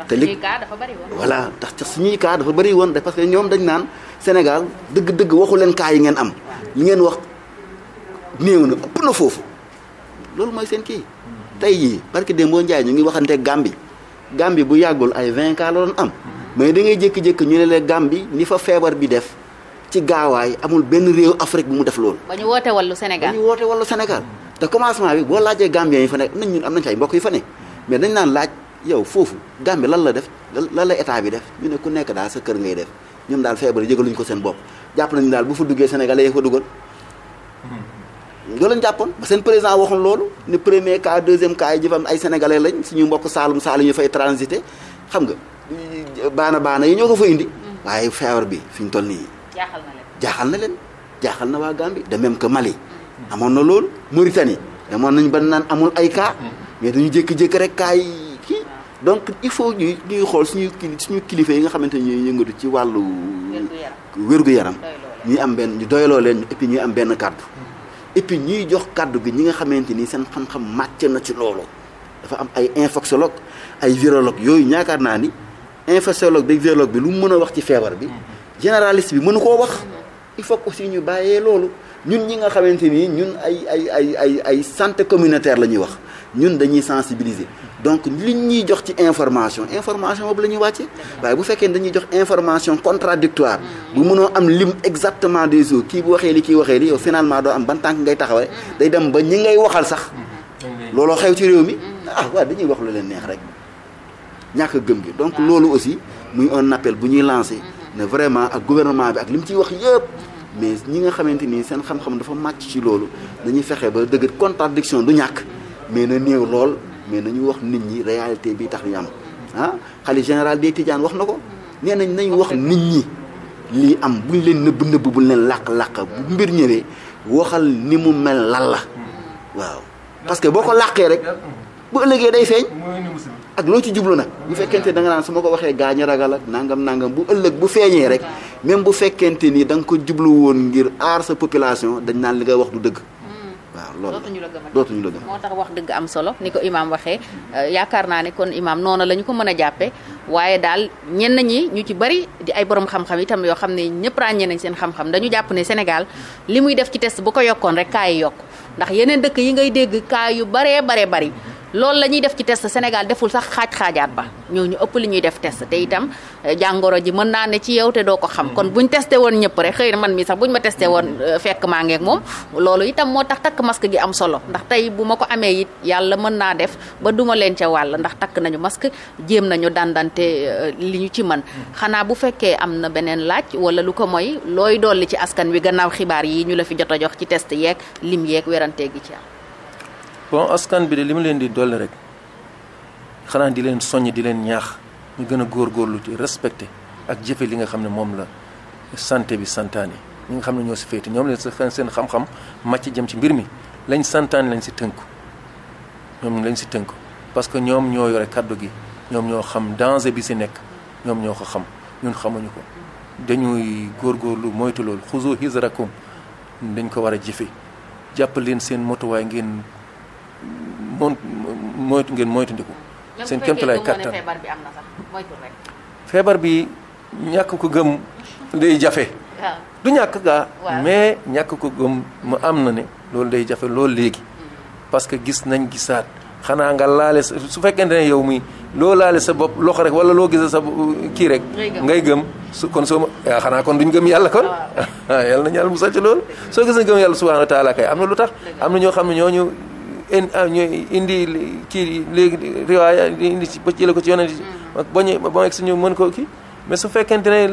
te li dafa bëri woon. ca suñuy cas dafa bëri woon parce que ñoom dañ naan Sénégal dëgg-dëgg waxu leen cas yi ngeen am. li ngeen wax néew na ëpp na foofu loolu mooy seen kii. tey jii parce que démboo Ndiaye ñu ngi waxante Gambie. Gambie bu yàggul ay vingt cas la am mais da ngay jékki-jékki ñu ne la Gambie ni fa feebar bi def ci gaawaay amul benn réew Afrique bu mu def lool ba ñu woote wàllu Sénégal ba ñu woote wàllu Sénégal te commencement bi boo laajee Gambien yi fa nekk nañ ñun am nañ ci ay mbokk yu fa ne mais dañ naan laaj yow foofu Gambie lan la def lan la état bi def ñu ne ku nekk daa sa kër ngay def ñoom daal feebar yëgaluñ ko seen bopp jàpp nañu daal bu fa duggee Sénégal yee fa dugal. loolu lañ jàppoon ba seen président waxoon loolu ni premier cas deuxième cas yi jëfam ay sénégalais lañ suñu mbokk saalum saalum ñu fay transité xam nga baana baana yi ñoo ko fa indi. waaye feebar bi fi ñu toll nii. jaaxal na leen jaaxal na leen jaaxal na waa Gambie de même que Mali. amoon na loolu Mauritanie demoon nañ ban naan amul ay cas. mais ñu jékki-jékki rek cas yi kii. donc il faut ñuy ñuy xool suñu suñu kilifa yi nga xamante ni ñooy ci wàllu. wér yaram ñu am benn ñu doyloo leen et puis ñu am benn kàddu. et puis ñuy jox kàddu gi ñi nga xamante ni seen xam-xam màcc na ci loolu dafa am ay infectiologue ay virologue yooyu ñaakaar naa ni infectiologue bi virologue bi lu mu mën a wax ci feebar bi généraliste bi mënu koo wax il faut aussi ñu bàyyee loolu ñun ñi nga xamante ni ñun ay ay ay ay ay santé communautaire la ñuy wax ñun dañuy sensibiliser donc liñ ñuy jox ci information information boobu la ñuy wàcce waaye bu fekkee dañuy jox information contradictoire bu mënoo am lim exactement des jours kii bu waxee li kii waxee li yow finalement doo am ban tànk ngay taxawee day dem ba ñi ngay waxal sax looloo xew ci réew mi ah waaw dañuy wax lu leen neex rek ñàkk gëm gi donc loolu aussi muy un appel bu ñuy lancé ne vraiment ak gouvernement bi ak li mu ciy wax yëpp mais ñi nga xamante ni seen xam-xam dafa màcc ci loolu dañuy fexe ba dëgg contradiction du ñàkk mais na néew lool mais ñu wax nit ñi réalité bi tax ñu am ah xalifa général des Tidianes wax na ko nee nañ nañ wax nit ñi lii am buñ leen nëbb nëbb bu leen làq-làq bu mbir ñëwee waxal ni mu mel lan la waaw parce que boo ko làqee rek bu ëllëgee day feeñ ak loo ci jublu nag bu fekkente da nga naan su ma ko waxee gaañ ragal ak nangam nangam bu ëllëg bu feeñee rek même bu fekkente ni da nga ko jublu woon ngir aar sa population dañ naan li ngay wax du dëgg waaw loolu dootuñu la gëm moo tax wax dëgg am solo ni ko imaam waxee euh, yaakaar naa ne kon imaam noona la ñu ko mën a jàppe waaye daal ñenn ñi ñu ci bari di ay borom xam-xam itam yoo xam ne ñëpp ràññee nañ seen xam-xam dañu jàpp ne Sénégal li muy def ci test bu ko yokkoon rek kaa yi yokk ndax yeneen dëkk yi ngay dégg kaa yu baree baree bari loolu la ñuy def ci test Sénégal deful sax xaaj-xaajaat ba ñoo ñu ëpp li ñuy def test te itam eh, jàngoro ji mën naa ne ci yow te doo ko xam hmm. kon bu ñu testé woon ñëpp rek xëy na man mi sax ñu ma testé hmm. woon eh, fekk maa ngeeg moom loolu itam moo tax takk masque gi am solo ndax bu ma ko amee it yàlla mën naa def ba duma leen ca wàll ndax takk nañu masque jéem nañu dandante eh, li ñu ci mën hmm. xanaa bu fekkee am na beneen laaj wala lu ko mooy looy dolli ci askan wi gannaaw xibaar yi ñu la fi jot a jox ci test yeeg lim yeek werante gi ci am bon askan bi de li ma leen di dolli rek xanaa di leen soññ di leen ñaax ñu gën a góorgóorlu ci respecté ak jëfe li nga xam ne moom la santé bi santaane ñi nga xam ne ñoo si féete ñoom leen seen xam-xam màcc jëm ci mbir mi lañ santaane lañ si tënku ñoom lañ si tënku parce que ñoom ñoo yore kàddu gi ñoom ñoo xam danger bi si nekk ñoom ñoo ko xam ñun xamuñu ko dañuy góorgóorlu moytu loolu xuzu hisrakum dañ ko war a jëfe jàpp leen seen motuwaay ngeen moom moytu ngeen moytandiku. seen kéemtalaay kattan feebar am na sax feebar bi ñàkk ko day jafe. du ñàkk gaa. mais ñàkk ko gëm mu am na ne loolu day jafe loolu léegi. Mm-hmm. parce que gis nañ gisaat xanaa nga laale sa su fekkente ne yow muy loo laale sa bopp loxo rek wala loo gisee sa uh, kii rek. ngay gëm su kon soo xanaa kon duñ gëm yàlla kon. waaw (laughs) ah, yàlla nañu yàlla musal ci loolu. soo gisee gëm yàlla kay am na lu tax. am na ñoo xam ne ñooñu. Ah, indi kii léegi riwaaya indi ci ba jële ko ci yonent mm-hmm. ba ñu ba mu egsi ñu mën koo kii mais su fekkente ne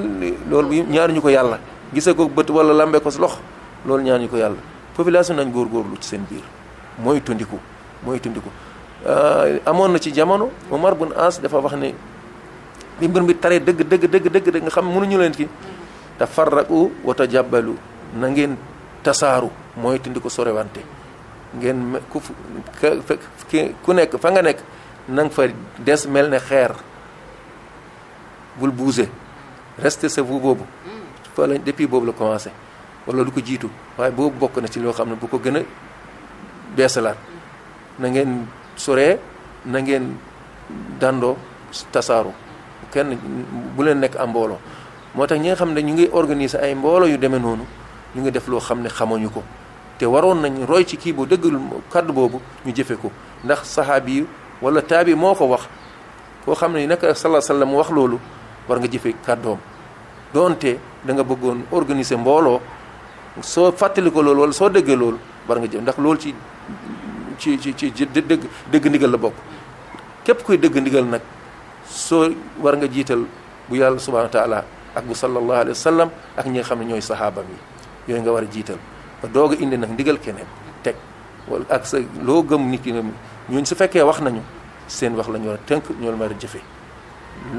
loolu ñaanuñu ko yàlla gisee ko bët wala lambe lox loolu ñaanuñu ko yàlla population nañ góorgóorlu ci seen biir mooy tundiku mooy tundiku ah, amoon na ci jamono mar bun As dafa wax ne bi mbir mi taree dëgg dëgg dëgg dëgg dëgg nga xam mënuñu leen ki mm-hmm. tafarraqu wa tajabbalu na ngeen tasaaru mooy tundiku sorewante ngeen ku ku nekk fa nga nekk na fa des mel ne xeer bul bouger rester sa vous boobu fa la depuis boobu la commencé wala lu ko jiitu waaye boobu bokk na ci loo xam ne bu ko gën a beesalaat na ngeen soree na ngeen dandoo tasaaru kenn bu leen nekk am mbooloo moo tax ñi nga xam ne ñu ngi organiser ay mbooloo yu demee noonu ñu ngi def loo xam ne xamuñu ko te waroon nañ roy ci kii bu dëggul kàddu boobu ñu jëfe ko ndax saxaabi yi wala taabi moo ko wax koo xam ne naka sala sallam wax loolu war nga jëfe kàddoom doonte da bëggoon organiser mbooloo soo fàttali ko loolu wala soo déggee loolu war nga jëf ndax loolu ci ci ci ci dëgg dëgg la bokk képp kuy dëgg nag soo war nga jiital bu yàlla subhanahu wa taala ak bu sallallahu alayhi ak ñi xam ne ñooy sahaabam yi yooyu nga war a jiital ba indi nag ndigal keneen teg wala ak sa loo gëm nit ki ñooñu su fekkee wax nañu seen wax lañu ñu tënk ñu war jëfe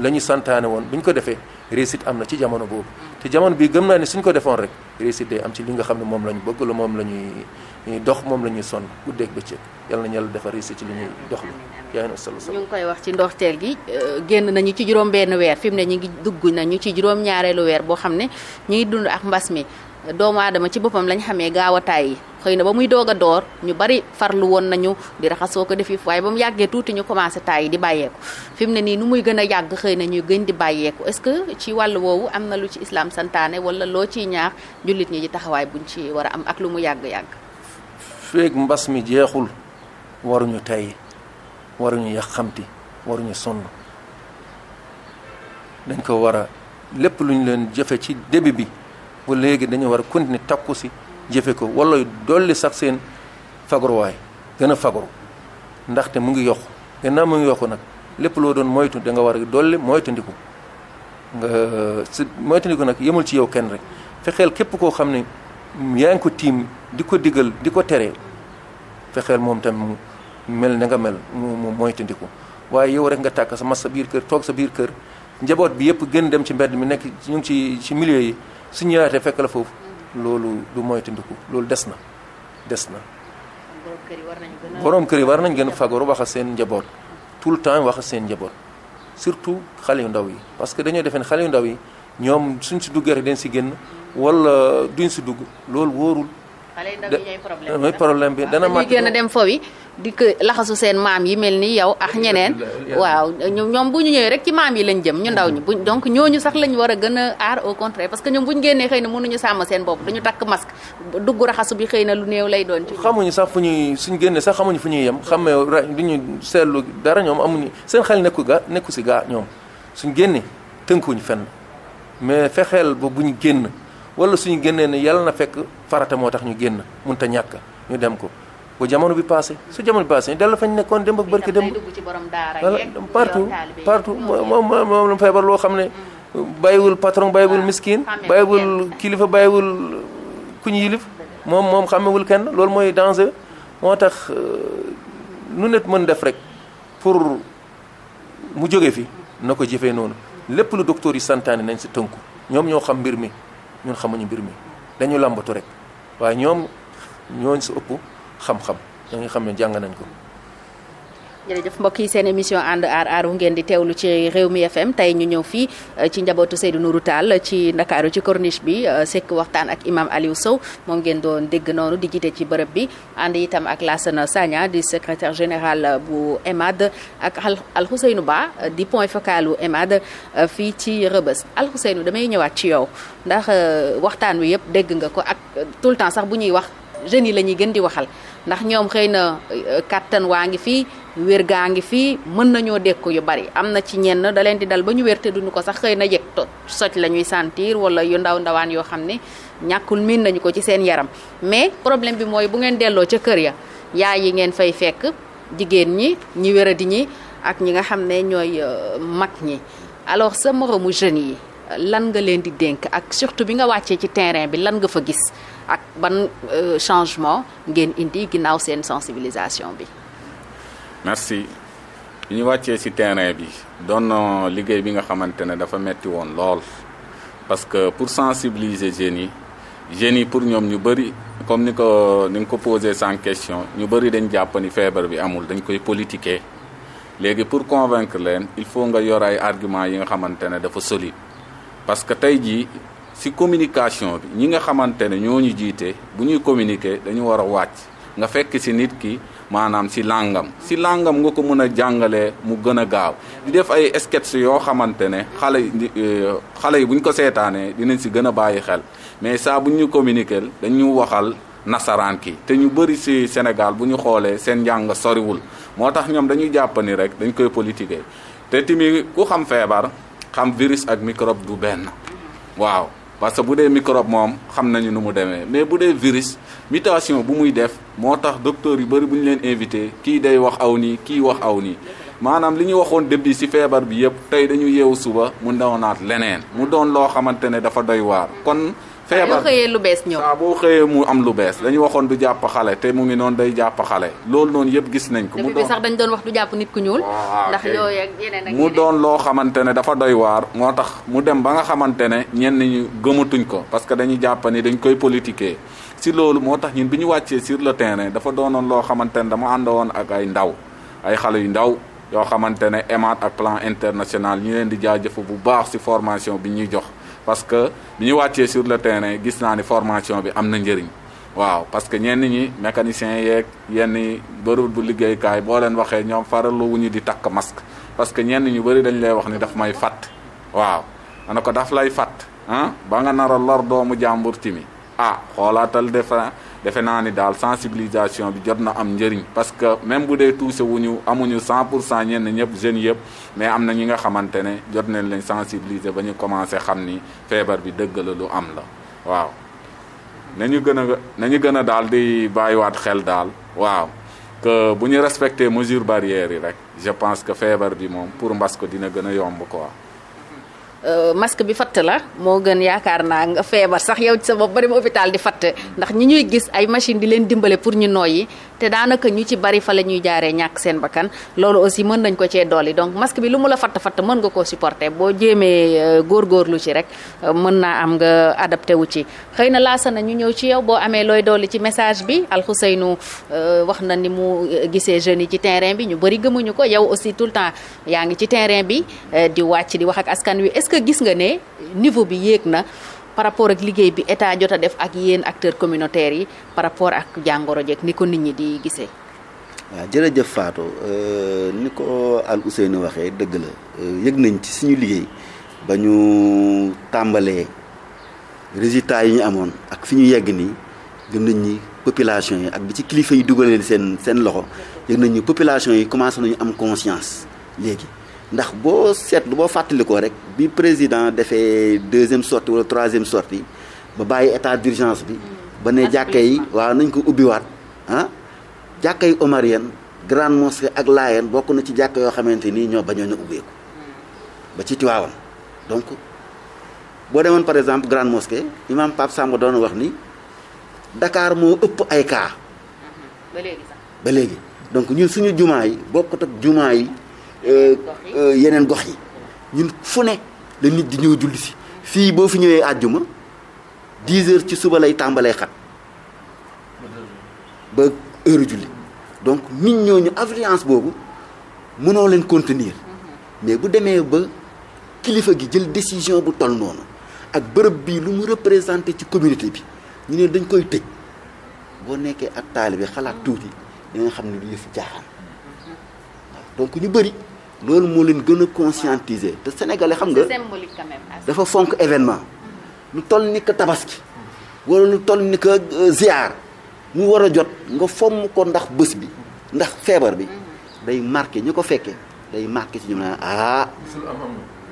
la ñu santaane woon bu ko defee réussite am na ci jamono boobu te jamono bii gëm naa ne suñ ko defoon rek réussite day am ci li nga xam ne moom la ñu bëgg la moom la ñuy dox moom la ñuy sonn guddeeg bëccëg yàlla na yàlla defar réussite ci li ñuy dox la yaa ngi solo ñu ngi koy wax ci ndoxteel gi euh, génn nañu ci juróom benn weer fi mu ne ñu ngi dugg nañu ci juróom ñaareelu weer boo xam ne ñu dund ak mbas mi doomu aadama ci boppam lañ xamee gaaw a taay yi xëy na ba muy doog a door ñu bari farlu woon nañu di raxasoo ko def yëf waaye ba mu yàggee tuuti ñu commencé taay yi di bàyyeeku fi mu ne nii nu muy gën a yàgg xëy na ñuy gën di bàyyeeku est-ce que ci wàll woowu am na lu ci islam santaane wala loo ciy ñaax jullit ñi ci taxawaay buñ ci war a am ak lu mu yàgg-yàgg feeg mbas mi jeexul waruñu tayyi waruñu yàqamti waruñu sonn dañ ko war a lépp lu ñu leen jëfe ci début bi bu léegi dañu war a continuer takku si jëfe ko wala dolli sax seen fagaruwaay gën a fagaru ndaxte mu ngi yokku gannaaw mu ngi yokku nag lépp loo doon moytu da nga war a dolli moytandiku nga si moytandiku nag yemul ci yow kenn rek fexeel képp koo xam ne yaa ngi ko tiim di ko diggal di ko tere fexeel moom tam mu mel na nga mel mu moytandiku waaye yow rek nga takk sa mas sa biir kër toog sa biir kër njaboot bi yëpp gën dem ci mbedd mi nekk ñu ngi ci ci milieu yi su ñëwaatee fekk la foofu loolu du moytandiku loolu des na des na. borom kër yi war nañ gën a fagaru wax a seen njaboot tout le temps wax a seen njaboot surtout xale yu ndaw yi parce que dañoo defee ne xale yu ndaw yi ñoom suñ si duggee rek dañ si génn wala duñ si dugg loolu wóorul. xale yi ndaw ñooy problème euh, bi problème bi dana mat gën a dem foofu laxasu seen maam yi mel ni yow ak ñeneen waaw ñoom bu ñu ñëwee rek ci maam yi lañ jëm ñu ndaw ñi mm-hmm. buñ donc ñooñu sax lañ war a gën a aar au contraire parce que bu ñu génnee xëy na mënuñu sàmm seen bopp dañu takk masque dugg raxasu bi xëy na lu néew lay doon ci xamuñu sax fu ñuy suñ génnee sax xamuñu fu ñuy yem xamme duñu seetlu dara ñoom amuñu seen xel nekku ga nekku si gaa ñoom suñ génnee tënkuñu fenn mais fexeel ba bu ñu génn wala suñu génnee ne yàlla na fekk farata moo tax ñu génn mun ta ñàkk ñu dem ko bu jamono bi passé su jamono bi passé ñu dellu fañ nekkoon démb ak barki démb voilà partout partout moom moom la feebar loo xam ne mm. bàyyiwul patron bàyyiwul ah, miskin bàyyiwul kilifa bàyyiwul ku ñu yilif moom moom xamewul kenn loolu mooy danger moo tax euh, nu nit mën def rek pour mu jóge fi na ko jëfee noonu lépp lu docteur yi santaane nañ si tënku ñoom ñoo xam mbir mi ñun xamuñu mbir mi dañu làmbatu rek waaye ñoom ñooñ si ëpp xam-xam ñoo ngi xam ne jàng nañ ko jërëjëf mbokk yi seen émission ànd r aaru ngeen di teewlu ci réew mi FM tey ñu ñëw fii euh, ci njabootu Seydou Nourou Tall euh, ci ndakaaru ci corniche bi euh, sekk waxtaan ak imam Aliou Sow moom ngeen doon dégg noonu di jiite ci bërëb bi ànd itam ak Lassana Sagna di secretaire général bu EMAD ak Alxuseynu Ba di point focal bu fii ci Rëbës Alxuseynu damay ñëwaat ci yow ndax waxtaan wi yëpp dégg nga ko ak tout le temps sax bu ñuy wax jeunes yi la ñuy gën di waxal ndax ñoom xëy na kattan waa ngi fii wér gaa ngi fi mën nañoo dékku yu bari am na ci ñenn da leen di dal ba ñu wér te duñu ko sax xëy na yëg to soj la ñuy sentir wala yu ndaw ndawaan yoo xam ne ñàkkul miin nañu ko ci seen yaram mais problème bi mooy bu ngeen delloo ca kër ya yaay yi ngeen fay fekk jigéen ñi ñi wéradi ñi ak ñi nga xam ne ñooy euh, mag ñi alors sa moromu jeunes yi lan nga leen di dénk ak surtout bi nga wàccee ci terrain bi lan nga fa gis ak ban euh, changement ngeen indi ginnaaw seen sensibilisation bi merci bi ñu wàccee ci terrain bi doon liggéey bi nga xamante ne dafa metti woon lool parce que pour sensibiliser jeunes yi jeunes yi pour ñoom ñu bëri comme ni ko ni nga ko posé sans question ñu bëri dañ jàpp ni feebar bi amul dañ koy politiquer léegi pour convaincre leen il faut nga yor ay argument yi nga xamante ne dafa solide parce que tey jii ci communication bi ñi nga xamante ne ñoo ñu jiite bu ñuy communiquer dañu war a wàcc nga fekk ci nit ki. maanaam si làngam si làngam nga ko mën a jàngalee mu gën a gaaw di def ay sketch yoo xamante ne xale yi euh, xale yi bu ñu ko seetaanee dinañ si gën a bàyyi xel mais saa bu ñu communiquer dañ ñu waxal nasaraan ki te ñu bëri si Sénégal bu ñu xoolee seen njàng soriwul moo tax ñoom dañuy jàpp ni rek dañ koy politiquer te tamit ku xam feebar xam virus ak microbe du benn waaw. parce que bu dee microbe moom xam nañu nu mu demee mais bu dee virus mitation bu muy def moo tax docteur yu bëri bu ñu leen invité kii day wax aw nii kii wax aw nii maanaam li ñu waxoon début ci feebar bi yëpp tey dañu yeewu suba mu ndaw leneen mu doon loo xamante ne dafa doy waar kon feebar xëyee lu bees ñëw saa boo xëyee mu am lu bees dañu waxoon du jàpp xale te mu ngi noonu day jàpp xale loolu noonu yëpp gis nañ ko mu doon dañ doon wax du jàpp nit ñuul ndax mu doon loo xamante ne dafa doy waar moo tax mu dem ba nga xamante ne ñenn gëmatuñ ko parce que dañuy jàpp ni dañ koy politiquer si loolu moo tax ñun bi ñu wàccee sur le terrain dafa doonoon loo xamante ne dama woon ak ay ndaw ay xale yu ndaw yoo xamante ne EMAD ak plan international ñu leen di jaajëf bu baax si formation bi ñuy jox parce que bi ñu wàccee sur le terrain gis naa ni formation bi am na njëriñ waaw parce que ñenn ñi mécaniciens yeeg yenn bërëb bu liggéeykaay boo leen waxee ñoom faralu ñu di takk masque parce que ñenn ñu bëri dañ lay wax ni daf may fàtt waaw ana ko daf lay fàtt ah, ba nga nar a lor doomu jàmbur ci mi ah xoolaatal defa defe naa ni daal sensibilisation bi jot na am njëriñ parce que même bu dee touché wuñu amuñu 100 pour cent ñenn ñëpp jeunes yëpp mais am na ñi nga xamante ne jot nañ leen sensibiliser ba ñu commencé xam ni feebar bi dëgg la lu am la waaw. nañu gën a nañu gën a daal di bàyyiwaat xel daal waaw que bu ñu respecté mesure barrière yi rek je pense que feebar bi moom pour mbas ko dina gën a yomb quoi. Euh, masque bi fatt la moo gën yaakaar naa nga feebar sax yow ci sa bopp bari ma hôpital di fatt ndax ñi ñuy gis ay machine di leen dimbale pour ñu yi te daanaka ñu ci bari fa la ñuy jaaree ñàkk seen bakkan loolu aussi mën nañ ko cee dolli donc masque bi lu mu la fatt fatt mën nga koo supporter boo jéemee euh, góorgóorlu ci rek euh, mën naa am nga adapté wu ci xëy na na ñu ñëw ci yow boo amee looy dolli ci message bi Alxuseynu wax na ni mu gisee jeunes yi ci terrain bi ñu bari gëmuñu ko yow aussi tout le temps yaa ngi ci terrain bi di wàcc di wax ak askan wi que gis nga ne niveau bi yéeg na par rapport ak liggéey bi état jot a def ak yéen acteur communautaires yi par rapport ak jàngoro jeeg ni ko nit ñi di gisee. waaw jërëjëf Fatou euh, ni ko Al Ousseynou waxee dëgg la euh, yëg nañ ci suñu liggéey ba ñu tàmbalee résultat yi ñu amoon ak fi ñu yegg nii gëm nañ ñi population yi ak bi ci kilifa yi dugalee seen seen loxo yëg nañ ni population yi commencé nañu am conscience léegi. ndax boo seetlu boo fàttalikoo rek bi président defee deuxième sortie wala troisième sortie ba bàyyi état d'urgence bi mm. ba ne jàkka yi waaw nañ ko ubbiwaat ah jàkka yi omarienne grand mosquée ak laayeen bokk na ci jàkka yoo xamante nii ñoo bañoon a ubbeeku ba ci Tiwaawan donc boo demoon par exemple grande mosquée imam Pape Samba doon wax ni Dakar moo ëpp ay kaa mm-hmm. ba léegi sax ba donc ñun suñu jumaa yi bokkut ak jumaa yi Euh, euh, yeneen gox yi ñun fu ne la nit di ñëw julli si fii boo fi ñëwee àjjuma 10 heure ci suba lay tàmbalee xat ba heure julli donc nit ñooñu affluence boobu mënoo leen contenir mais bu demee ba kilifa gi jël décision bu toll noonu ak bërëb bii lu mu représenté ci communité bi ñu ne dañ koy tëj boo nekkee ak taalibe xalaat tuuti di xam ne lu yëfu jaaxaan donc ñu bëri loolu moo leen gën a conscientiser te sénégalais xam nga dafa fonk événement lu toll ni que tabaski wala lu toll ni que euh, ziar mu war a jot nga fomm ko ndax bés bi ndax feebar bi mm-hmm. day marqué ñu ko fekkee day marqué ci ñu naan ah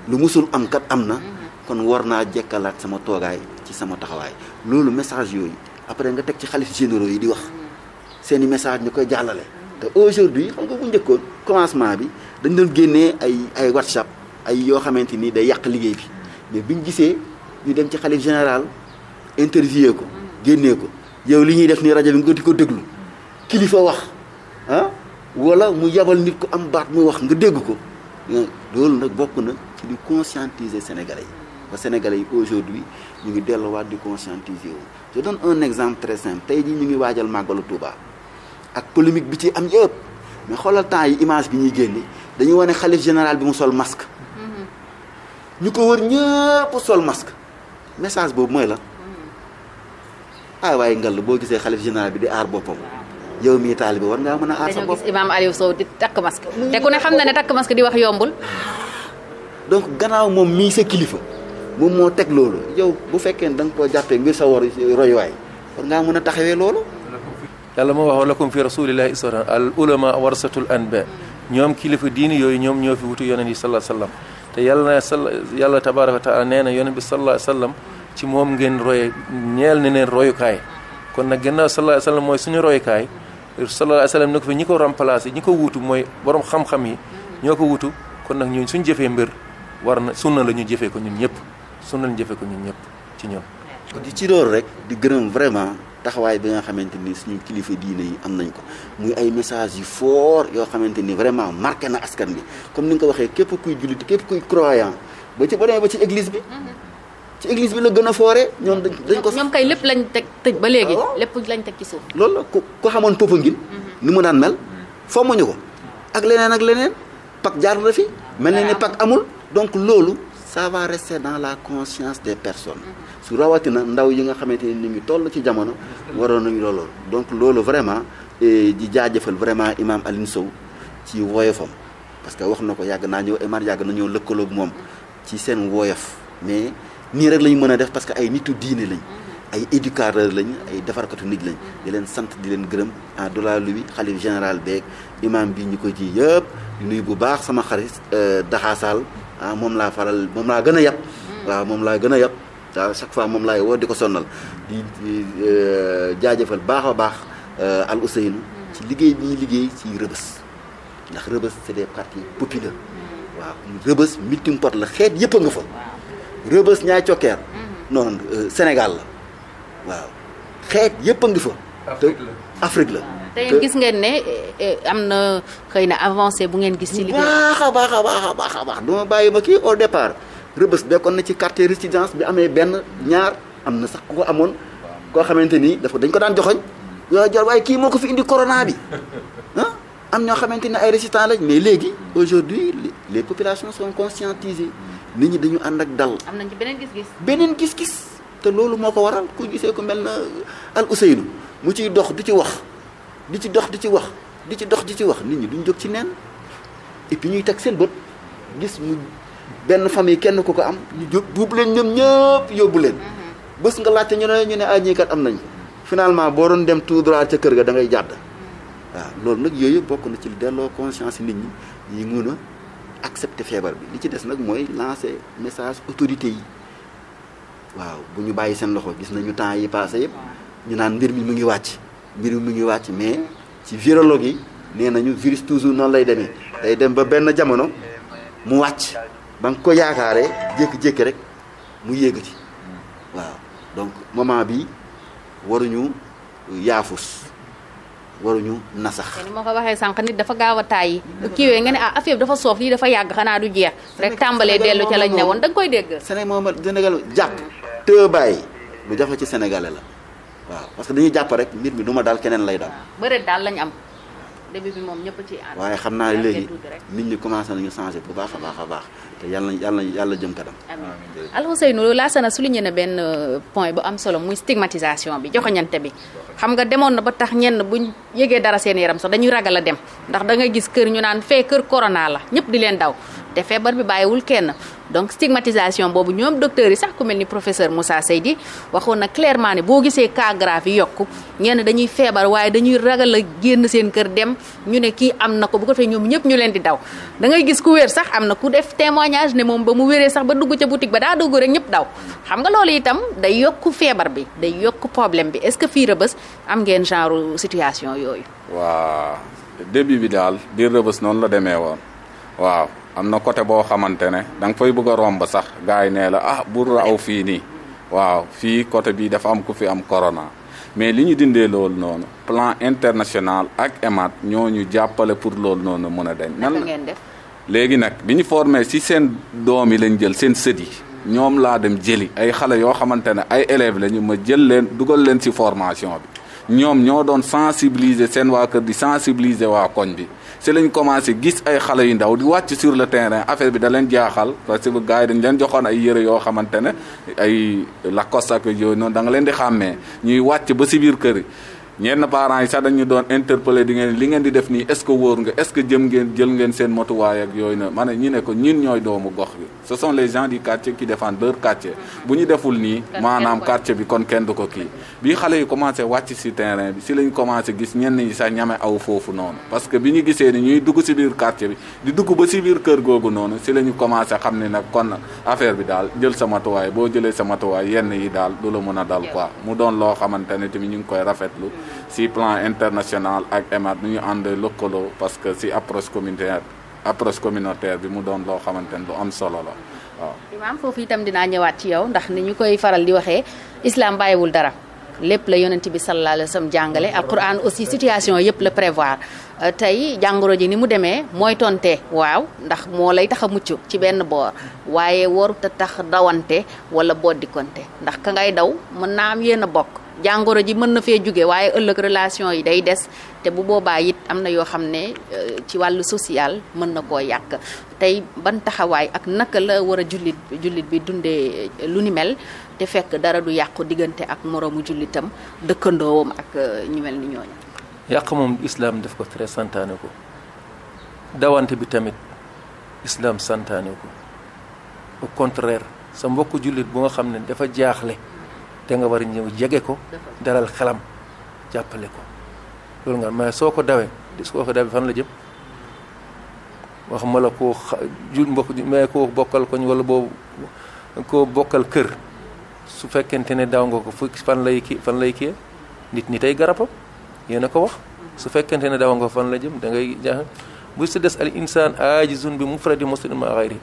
lu musul am kat am na mm-hmm. kon war naa jekkalaat sama toogaay ci sama taxawaay loolu message yooyu après nga teg ci xalif généraux yi di wax mm-hmm. seeni message ñu koy jàllale te aujourd'hui xam nga bu njëkkoon commencement bi dañ doon génnee ay ay whatsapp ay yoo xamante ni day yàq liggéey bi bi ñu gisee ñu dem ci xalif général interviewé ko génnee ko yow li ñuy def nii rajo bi nga di ko déglu kilifa wax ah wala mu yabal nit ko am baat mu wax nga dégg ko loolu nag bokk na ci di conscientiser sénégalais yi ba sénégalais yi aujourd'hui ñu ngi delluwaat di conscientiser wu je donne un exemple très simple tey jii ñu ngi waajal màggalu Touba. ak polémique bi ci am yëpp mais xoolal temps yi image bi ñuy génne dañuy wane xalif général bi mu sol masque. Mm-hmm. ñu ko wër ñëpp sol masque message boobu mooy la mm-hmm. ah waaye ngal la boo gisee xalif général bi di aar boppam. yow mii taalibe war ngaa mën a aar sa bopp dañoo gis imaam Aliou Sow di takk masque. te ku ne xam na ne takk masque di wax yombul. donc gannaaw moom mii sa kilifa moom moo teg loolu yow bu fekkee ne danga nga koo jàppee ngir sa wor war royuwaay war ngaa mën a taxawee loolu. yàlla moo wax wa lakum fi rasulillahi iswatan al ulama warasatul anba ñoom kilifa diini yooyu ñoom ñoo fi wutu yonent yi sallallahu alayhi wa sallam te yàlla na sal yàlla tabaraka nee na yonent bi sallallahu alayhi wa ci moom ngeen roye ñeel na leen royukaay kon nag gannaaw sallallahu alayhi mooy suñu royukaay sallallahu alayhi wa sallam ne ko fi ñi ko remplacé ñi ko wuutu mooy borom xam-xam yi ñoo ko wutu kon nag ñooñu suñu jëfee mbir war na sunna la ñu jëfee ko ñun ñëpp sunna la ñu jëfee ko ñun ñëpp ci ñoom di ci loolu rek vraiment taxawaay bi nga xamante ni suñu kilifa diine yi am nañ ko muy ay message yu fort yoo xamante ni vraiment marqué na askan bi comme ni nga ko waxee képp kuy jullit képp kuy croyant ba ci ba demee ba bi mm-hmm. ci église bi la gën a foore ñoom dañ ko ñoom kay lépp lañ teg tëj ba léegi ah lépp lañ teg ci suuf loolu la ku ko xamoon Popenguine mm-hmm. ni mu daan mel mm-hmm. fommuñu ko ak leneen ak leneen pak jaar na fi mel na ni pak amul donc loolu ça va rester dans la conscience des personne su rawatina ndaw yi nga xamante ni ñu ngi toll ci jamono waroon nañu loolu donc loolu vraiment eh, di jaajëfal vraiment imam Alioune Sow ci woyofam parce que wax na ko yàgg naa ñëw Emar yàgg na ñëw lëkkaloog moom ci seen woyof mais nii rek la ñu mën a def parce que ay nitu diine lañ ay éducateur lañ ay defarkatu nit lañ di leen sant di leen gërëm en dollar lui xalif général beeg imam bi ñu ko ji yëpp nuyu bu baax sama xarit euh, daxaasaal ah moom laa faral moom laa gën a yàpp hmm. waaw moom laa gën a yàpp waaw chaque fois moom laay woo di ko sonnal di euh, jaajëfal baax a baax euh, Al ci hmm. liggéey bi ñuy liggéey ci rëbës ndax rëbës c'est des quartiers hmm. waaw rëbës melting pot la xeet yëpp a nga fa rëbës ñaay cokkeer non euh, Sénégal la waaw xeet yëpp a ngi fa te Afrique la te gis ngeen ne eh, eh, am na xëy na avancé bu ngeen gis. ci liggéey baax a baax bàyyi ba kii au départ Rebeuss dekkoon na ci quartier résidence bi amee benn ñaar am na sax ku ko amoon koo xamante ni dafa dañ ko daan joxoñ yoo jor waaye kii moo ko fi indi corona bi (laughs) ah am ñoo xamante ni ay résistants lañ mais léegi aujourd'hui les populations sont conscientisées nit ñi dañu ànd ak dal. am nañ ci beneen gis-gis. beneen gis-gis te loolu moo ko waral ku gisee ku mel na Al Ousseynou mu ciy dox du ci wax. li ci dox di ci wax di ci dox di ci wax nit ñi duñ jóg ci neen et ñuy teg seen bët gis mu benn famille kenn ku ko am ñu jóg buub leen ñoom ñëpp yóbbu leen mm-hmm. bës nga laajte ñu ne ñu ne ah ñii kat am nañ finalement boo doon dem tout droit ca kër ga da ngay jàdd mm-hmm. waaw loolu nag yooyu bokk na ci delloo conscience nit ñi yi mun a accepter feebar bi li ci des nag mooy lancer message autorité yi waaw bu ñu bàyyi seen loxo gis nañu temps yi passé yëpp ñu naan mbir mi mu ngi wàcc mbir mu ngi wàcc mais ci virologue yi nee nañu virus toujours noonu lay demee day dem ba benn jamono mu wàcc ba nga ko yaakaare jékki-jékki rek mu yéegati waaw donc moment bi waruñu yaafus waruñu nasax. ni ma ko waxee sànq nit dafa gaaw a tàyyi bu kiiwee nga ne ah affaire bi dafa soof lii dafa yàgg xanaa du jeex rek tàmbalee dellu ca lañ ne woon da nga koy dégg. Sénégal moom Sénégal jàpp tëbaay lu jafe ci sénégalais la. waaw parce que dañuy jàpp rek mbir mi du ma daal keneen lay daal. bëreet daal lañ am début bi moom ñëpp ci ànd. waaye xam naa léegi nit ñi commencé nañu changé bu baax a baax a baax te yàlla yàlla yàlla jëm kanam. amiin Al Ousseynou Lassana souligné na benn euh, point bu am solo muy stigmatisation bi joxoñante bi. xam nga demoon na ba tax ñenn ñu yëgee dara seen yaram sax dañuy ragal a dem ndax dangay gis kër ñu naan fee kër corona la ñëpp di leen daw te feebar bi bàyyiwul kenn donc stigmatisation boobu ñoom docteurs yi sax ku mel ni professeur Moussa Seydi waxoon na clairement ne boo gisee cas grave yi yokku ñenn dañuy feebar waaye dañuy ragal a génn seen kër dem ñu ne kii am na ko bu ko defee ñoom ñëpp ñu leen di daw dangay gis ku wér sax am na ku def témoignage ne moom ba mu wéree sax ba dugg ca boutique ba daa dugg rek ñëpp daw xam nga loolu itam day yokk feebar bi day yokk problème bi est-ce que fii Rebeuss am ngeen genre situation yooyu waaw bi daal biir Rebeuss noonu la demee woon waaw am na côté boo xamante ne da nga fay bëgg a romb sax gars yi nee la ah bur aw fii nii waaw fii côté bii dafa am ku fi am corona mais li ñu dindee loolu noonu plan international ak EMAD ñoo ñu jàppale pour loolu noonu mën a dem nan léegi nag bi ñu formé si seen doom yi lañ jël seen sët ñoom laa dem jëli ay xale yoo xamante ne ay élèves lañu ma jël leen dugal leen si formation bi ñoom ñoo doon sensibiliser seen waa kër di sensibiliser waa koñ bi. si lañ commencé gis ay xale yu ndaw di wàcc sur le terrain affaire bi daleen jaaxal parce que gars yi dañ leen joxoon ay yëre yoo xamante ne ay Lacoste ak yooyu noonu danga leen di xàmmee ñuy wàcc ba si biir kër yi ñenn parents yi sax dañu doon interpeller di ngeen li ngeen di def nii est-ce que wóor nga est-ce que jëm ngeen jël ngeen seen motuwaay ak yooyu na ma ne ñi ne ko ñun ñooy doomu gox bi ce sont les gens du quartier qui défendent leur quartier bu ñu deful nii maanaam quartier bi kon kenn du ko kii bii xale yi commencé wàcc si terrain bi si lañ commencé gis ñenn ñi sax ñame aw foofu noonu parce que bi ñu gisee ni ñuy dugg si biir quartier bi di dugg ba si biir kër googu noonu si la ñu commencé xam ne nag kon affaire bi daal jël sa matuwaay boo jëlee sa matuwaay yenn yi daal du la mën a dal quoi mu doon loo xamante ne tamit ñu ngi koy rafetlu si plan international ak EMAD nu ñu ànd lëkkaloo parce que si approche communautaire bi mu doon loo xamante ne lu am solo la waaw. imaam foofu itam dinaa ñëwaat ci yow ndax ni ñu koy faral di waxee islaam bàyyiwul dara lépp la yonent bi sallallahu alayhi wa sallam jàngale al quran aussi situation yëpp la prévoir euh, tey jàngoro ji ni mu demee mooy tontee waaw ndax moo lay tax a mucc ci benn boor waaye warut a tax dawante wala boddikonte ndax ka ngay daw mën naa am yéen a jàngoro ji mën na fee jóge waaye ëllëg relation yi day des te bu boobaa it am na yoo xam ne euh, ci wàllu social mën na koo yàq tey ban taxawaay ak naka la war a jullit jullit bi dundee euh, lu ni mel te fekk dara du yàqu diggante ak moroomu jullitam dëkkandoowam ak euh, ñu mel ni ñooñu. yàq moom islam def ko très santaane ko dawante bi tamit islam santaane ko au contraire sa mbokku jullit bu nga xam ne dafa jaaxle. te nga war a ñëw jege ko dalal xelam jàppale ko loolu nga mais soo ko dawee su ko dawee fan la jëm wax ma la koo jul mbokk mais ko bokkal koñ wala boobu koo bokkal kër su fekkente ne daw nga ko fu fan lay kii fan lay kii nit ñi tey garaba yéen a ko wax su fekkente ne daw nga fan la jëm da ngay bu si des al insaan aajizun bi mu mufradi muslimin ma xayri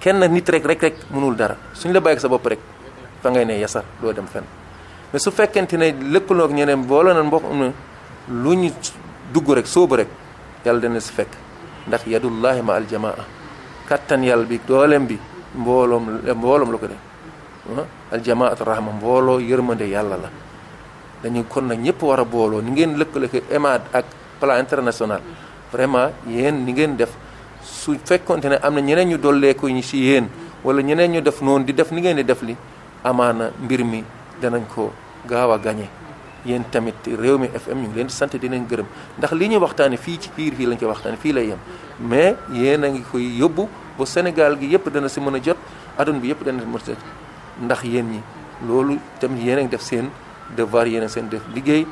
kenn nit rek rek rek mënul dara suñ la bàyyi sa bopp rek ka ngay ne yasar doo dem fenn mais su fekkente ne lëkkaloo look ñeneen boole na mbokk am na lu ñu dugg rek soobu rek yàlla dana si fekk ndax yadullahi ma aljamaa kattan yàlla bi dooleem bi mbooloom mbooloom la ko def ah, aljamaatu rahma mbooloo yërmande yàlla la dañu kon nag ñëpp war a booloo ni ngeen lëkkale ko EMAD ak plan international vraiment yeen ni ngeen def su fekkonte ne am na ñeneen ñu dolleeku ñu si yéen wala ñeneen ñu def noonu di def ni ngeen di def li amaana mbir mi danañ ko gaaw a gañe yéen tamit réew mi FM ñu leen sant di leen gërëm ndax li ñuy waxtaanee fii ci biir fii lañ koy waxtaanee fii lay yem mais yéen a ngi koy yóbbu ba Sénégal gi yëpp dana si mën a jot adone bi yëpp dana si mën ndax yéen ñi loolu tamit yéen a ngi def seen devoir yéen a seen def liggéey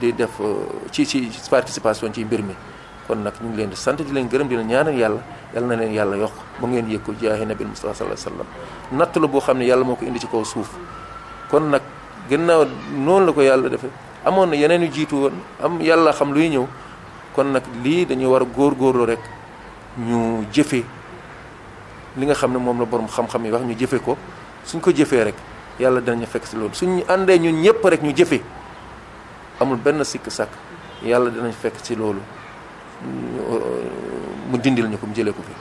di def euh, ci ci participation ci mbir mi kon nag ñu ngi leen di sant di leen gërëm di leen ñaanal yàlla. yal na leen yàlla yokk ba ngeen yëg ko jaahi nabil mustafa sallallahu alayhi wasallam natt la boo xam ne yàlla moo ko indi ci kaw suuf kon nag gannaaw noonu la ko yàlla defe amoon na yeneen yu jiitu woon am yàlla xam luy ñëw kon nag lii dañuy war a góor góorgóorlu rek ñu jëfe li nga xam ne moom la borom xam-xam yi wax ñu jëfe ko suñ ko jëfee rek yàlla dinañu fekk si loolu suñ àndee ñun ñëpp rek ñu jëfe amul benn sikk sàkk yàlla dinañ fekk ci loolu mu dindil ñu ko mu jëlee ko fi.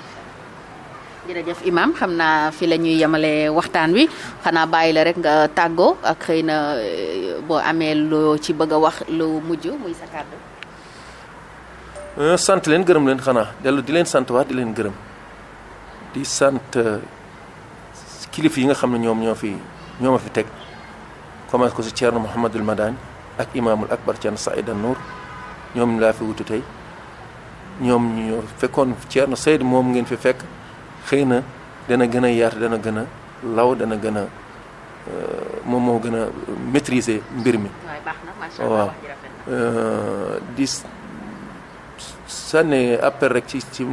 jërëjëf imam xam naa fi la ñuy yemale waxtaan wi xanaa bàyyi la rek nga tàggoo ak xëy na euh, boo amee loo ci bëgg a wax loo mujj muy sa kàddu. Euh, sant leen gërëm leen xanaa dellu di leen sant waat di leen gërëm di sant euh, kilifa yi nga xam ne ñoom ñoo fi ñoo ma fi teg commencé ko si Thierno Mouhamadul Madani ak imaamul akbar Thierno Saïda Nour ñoom laa fi wutu tey. ñoom ñu fekkoon Thierno Seydou moom ngeen fi fekk xëy na dana gën a yar dana gën a law dana gën a euh, moom moo gën a maîtriser mbir mi. waaw euh, di sànni appel rek ci ci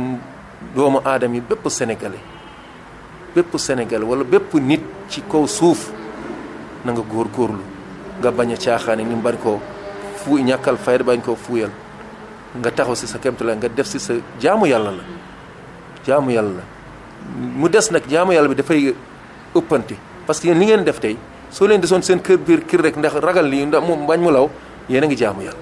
doomu aadam yi bépp sénégalais bépp sénégalais wala bépp nit ci kaw suuf na nga góorgóorlu nga bañ a caaxaane ñu bari ko fu ñàkkal fayda bañ koo fuuyal. nga taxaw si sa kemtala nga def si sa jaamu yàlla la jaamu yàlla la mu des nag jaamu yàlla bi dafay ëppanti parce que yéen li ngeen def tey soo leen desoon seen kër biir kër rek ndax ragal lii ndax moom bañ mu law yéen a ngi jaamu yàlla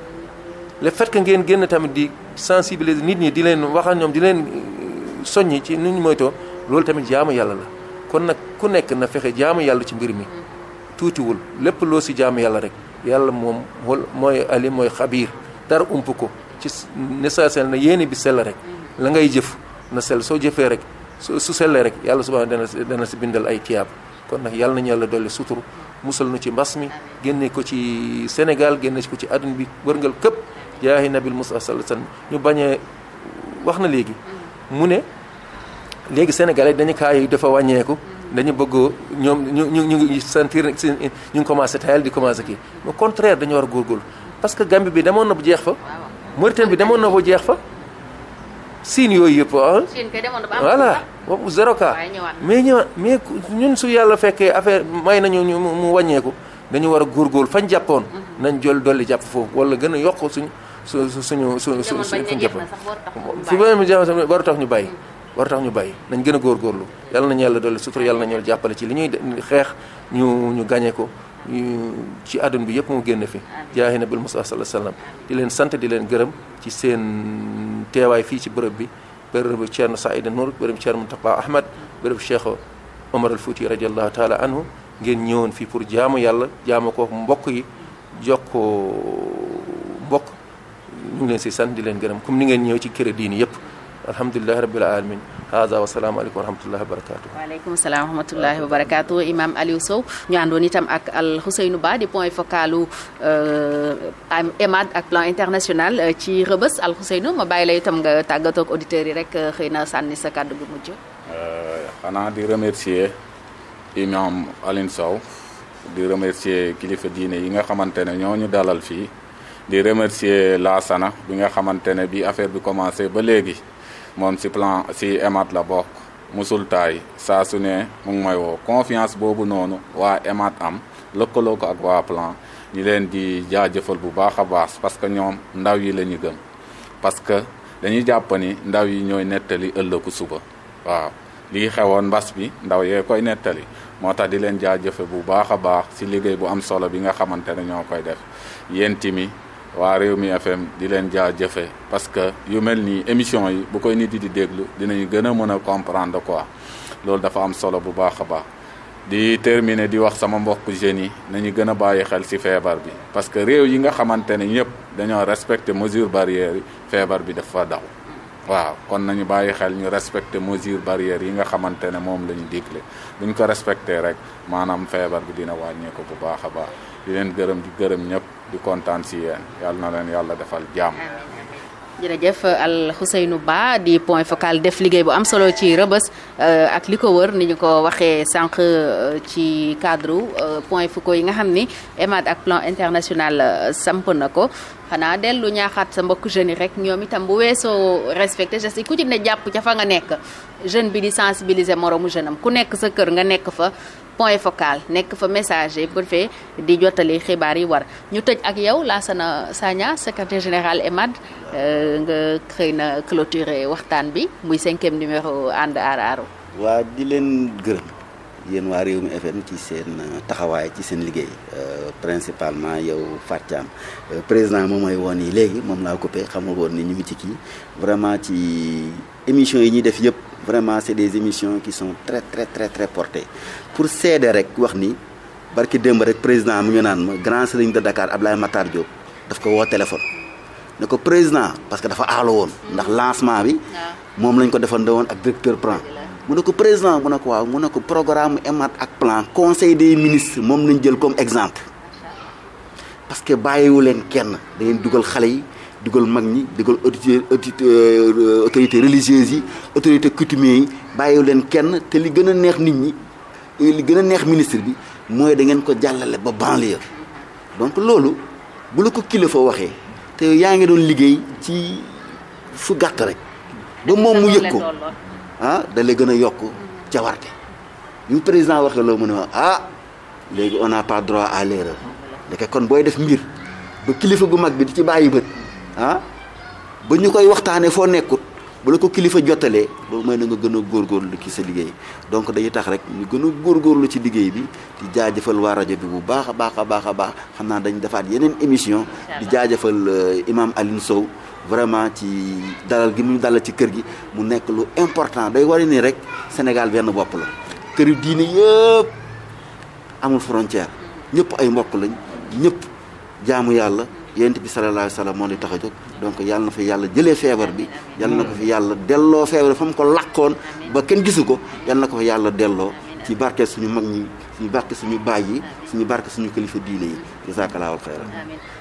le fait que ngeen génn tamit di sensibiliser nit ñi di leen waxal ñoom di leen euh, soññi ci nu ñu moytoo loolu tamit jaamu yàlla la kon nag ku nekk na fexe jaamu yàlla ci mbir mi tuutiwul lépp loo si jaamu yàlla rek yàlla moom mooy alim mooy dara ump ko ci l'essentiel na yéene bi sell rek la ngay jëf na sell soo jëfee rek su su sellee rek yàlla subhaana dana dana si bindal ay tiyaab kon nag yàlla nañu yàlla dolli sutur musal nu ci mbas mi génne ko ci Sénégal génne ko ci àdduna bi wërngal këpp jaahi nabil musa san ñu bañee wax na léegi mu ne léegi sénégalais dañu kaay yi dafa wàññeeku dañu bëggoo ñoom ñu ñu ñu ngi sentir ñu ngi commencé tayal di commencé kii au contraire dañu war a góorgóorlu parce Mauritanie bi demoon na ko jeex fa siin yooyu yëpp ah. siin kay demoon voilà boobu mais ñëwaat mais ñun su yàlla fekkee affaire may nañu ñu mu wàññeeku dañu war a góorgóorlu fañ jàppoon. Mm-hmm. nañ jël dolli jàpp foofu wala gën a yokk suñu su su suñu suñu suñu fañ jàppoon. fi ba mu jeex sax war tax ñu bàyyi. Mm-hmm. war tax ñu bàyyi nañ gën a góor góorlu yàlla nañu yàlla dolli sutura yàlla nañu jàppale ci li ñuy xeex ñu ñu gàññee ko ci àdduna bi yëpp mu génn fi jaahi nabil musa sallallahu alayhi wasallam di leen sant di leen gërëm ci seen teewaay fii ci bërëb bi bërëb Ceerno Saïda Nour bërëb Ceerno Muntaqa Ahmad bërëb Cheikh Omar al Fouti radiallahu taala anhu ngeen ñëwoon fii pour jaamu yàlla jaamu ko mbokk yi jokkoo mbokk ñu ngi leen si sant di leen gërëm comme ni ngeen ñëw ci kër diini yëpp alhamdulillahi rabbil alamin hada wasalaamualeykum wa rahmatullahi wa barakatuh salaam wa rahmatullahi wa barakatuh imam Aliou Sow ñu àndoon itam ak al Ba di point focalu euh, EMAD ak plan international euh, ci Rebeuss al Ousseynou ma itam nga tàggatoo ak auditeurs yi rek euh, xëy na sànni sa kàddu gu mujj xanaa di remercier imam Aliou Sow di remercier kilifa diine yi nga xamante ne ñoo ñu dalal fii di remercier Laasana bi nga xamante ne bi affaire bi commencé ba léegi moom si plan si EMAD la bokk musul taay saa su ne mu ngi may woo confiance boobu noonu waa EMAD am lëkkaloo ko ak waa plan ñi leen di jaajëfal bu baax a baax parce que ñoom ndaw yi la ñu gëm parce que dañuy jàpp ni ndaw yi ñooy nettali ëllëku suba waaw lii xewoon mbas bi ndaw yee koy nettali moo tax di leen jaajëfe bu baax a baax si liggéey bu am solo bi nga xamante ne ñoo koy def yéen tamit waa réew mi FM di leen jaajëfe parce que yu mel nii émission yi bu koy nit yi di déglu dinañu gën a mën a comprendre quoi loolu dafa am solo bu baax a baax di terminer di wax sama mbokk jeunes yi nañu gën a bàyyi xel ci feebar bi parce que réew yi nga xamante ne ñëpp dañoo respecter mesure barrière yi feebar bi dafa daw waaw kon nañu bàyyi xel ñu respecter mesure barrière yi nga xamante ne moom la ñu digle buñ ko respecté rek maanaam feebar bi dina wàññeeku bu baax a baax di leen gërëm di gërëm ñëpp di kontaan si yéen yàlla na leen yàlla defal jàmm. jërëjëf Al Ousseynou Ba di point focal def liggéey bu am solo ci rëbës euh, ak li ko wër ni ñu ko waxee sànq euh, ci cadre euh, point focaux yi nga xam ni EMAD ak plan international samp na ko xanaa dellu ñaaxaat sa mbokk jeunes yi rek ñoom itam bu weesoo respecté geste ku ci ne jàpp ca fa nga nekk jeune bi di sensibiliser moromu jeune am ku nekk sa kër nga nekk fa point focal nekk fa message yi fee di jottali xibaar yi war ñu tëj ak yow Lassana Sagna secretaire général EMAD euh, nga xëy na clôturer waxtaan bi muy cinquième numéro ànd aar aaru waa di leen gërëm yéen waa réew mi FM ci seen euh, taxawaay ci seen liggéey euh, principalement yow Fatou Thiam euh, président moom mooy woon yi léegi moom laa coupé xamul woon ni ñu ngi ci kii vraiment ci émission yi ñuy def yëpp vraiment c'est des émissions qui sont très très très portées pour seede rek wax ni barki démb rek président mu ñu naan ma grand sëriñ de Dakar Abdoulaye Matar Diop daf ko woo téléphone ne ko président parce que dafa aalo woon ndax lancement bi ah. moom lañ ko defandoo woon ak directeur Pran mu ne ko président mu ne ko waaw mu ne ko programme EMAD ak plan conseil des ministre moom lañ jël comme exemple parce que bàyyiwu leen kenn da ngeen dugal xale yi dugal mag ñi dugal autorité autorité euh, religieuse yi autorité coutumier yi bàyyiwu leen kenn te li gën a neex nit ñi li gën a neex ministre bi mooy da ngeen ko jàllale ba banlieue donc loolu bu la ko kilifa waxee te yaa ngi doon liggéey ci fu gàtt rek ba moom mu yëg ko ah da lay gën a yokk cawarte yu président waxee loo mu a ah léegi on n'a pas droit à l'erreur ndeke kon booy def mbir ba kilifa gu mag bi di ci bàyyi bët ah ba ñu koy waxtaanee foo nekkut bu la ko kilifa jottalee loolu mooy na nga gën a góor góorgóorlu kii sa liggéey donc dañuy tax rek ñu gën a góor góorgóorlu ci liggéey bi di jaajëfal waa rajo bi bu baax a baax a baax a baax xam naa dañ defaat yeneen émission di jaajëfal euh, imam Alioune Sow vraiment ci dalal gi mu dalal ci kër gi mu nekk lu important day wari nii rek Sénégal benn bopp la këri diine yëpp amul frontière ñëpp ay mbokk lañ ñëpp jaamu yàlla yonent bi sallallahu alayhi wa moo di tax a jóg donc yàlla na fa yàlla jëlee feebar bi yàlla na ko yàlla delloo feebar bi fa ko làkkoon ba kenn gisu ko yàlla na ko yàlla delloo ci barke suñu mag ñi suñu barke suñu baay yi suñu barke suñu kilifa diine yi jazaakallaahu xayran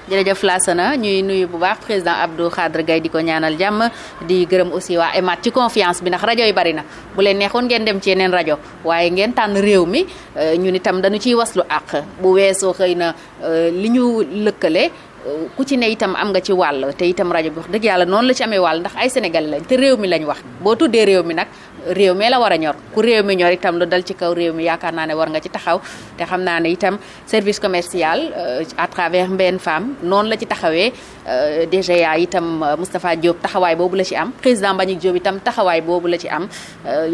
jërëjëf Lassana ñuy nuyu bu baax président Abdou Khadre gay di ko ñaanal jàmm di gërëm aussi waa ay EMAD ci confiance bi ndax rajo yi bari na bu leen neexoon ngeen dem ci yeneen rajo waaye ngeen tànn réew mi euh, ñun itam dañu ciy was lu àq bu weesoo xëy na euh, li ñu lëkkale euh, ku ci ne itam am nga ci wàll te itam rajo bi wax dëgg yàlla noonu la ci amee wàll ndax ay Sénégalais lañ réew mi lañ wax boo tuddee réew mi nag réew mi la war a ñor ku réew mi ñor itam lu dal ci kaw réew mi yaakaar naa ne war nga ci taxaw te xam naa ne itam service commercial euh, à travers Mbène Femme noonu la ci taxawee euh, DGA itam euh, mustapha Diop taxawaay boobu la ci am président Mbagnick Diop itam taxawaay boobu la ci am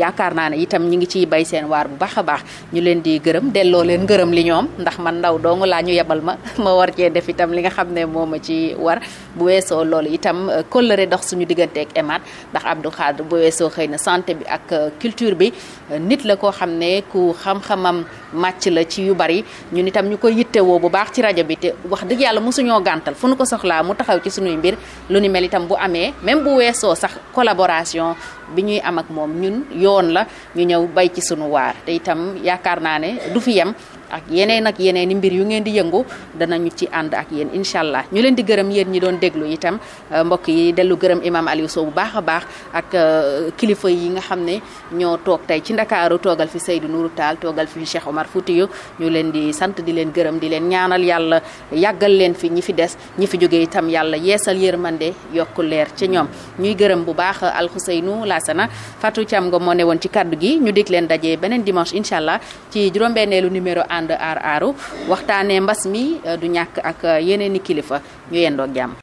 yaakaar naa ne itam ñi ngi ciy bay seen waar bu baax a baax ñu leen di gërëm delloo leen gërëm li ñoom ndax man ndaw dong laa ñu yebal ma (laughs) ma war cee def itam li nga xam ne moo ma ci war bu weesoo loolu itam kóllëre dox suñu digganteeg EMAD ndax Abdou Khadre bu weesoo xëy na santé bi ak Euh, culture bi euh, nit la koo xam ne ku xam-xamam màcc la ci yu bari ñun itam ñu koy yittewoo bu baax ci rajo bi te wax dëgg yàlla mosuñoo gàntal fu nu ko soxlaa mu taxaw ci suñuy mbir lu nu mel itam bu amee même bu weesoo sax collaboration bi ñuy am ak moom ñun yoon la ñu ñëw bay ci sunu waar te itam yaakaar naa ne du fi yem ak yeneen ak yeneen mbir yu ngeen di yëngu danañu ci ànd ak yéen incha allah ñu leen di gërëm yéen ñi doon déglu itam euh, mbokk yi dellu gërëm imam Aliou Sow bu baax a baax ak euh, kilifa yi nga xam ne ñoo toog tey ci ndakaaru toogal fi Seydou Nourou Tall toogal fi Cheikh Omar Foutiyou ñu leen di sant di leen gërëm di leen ñaanal yàlla yàggal leen fi ñi fi des ñi fi jógee itam yàlla yeesal yërmande yokk leer ci ñoom ñuy gërëm bu baax alxuseynu laasana Fatou Thiam nga moo ne woon ci kàddu gi ñu dig leen daje beneen dimanche incha allah ci juróom-benneelu numéro ànd waxtaanee mbas mi euh, du ñàkk ak euh, yeneen i kilifa ñu yendoog jàmm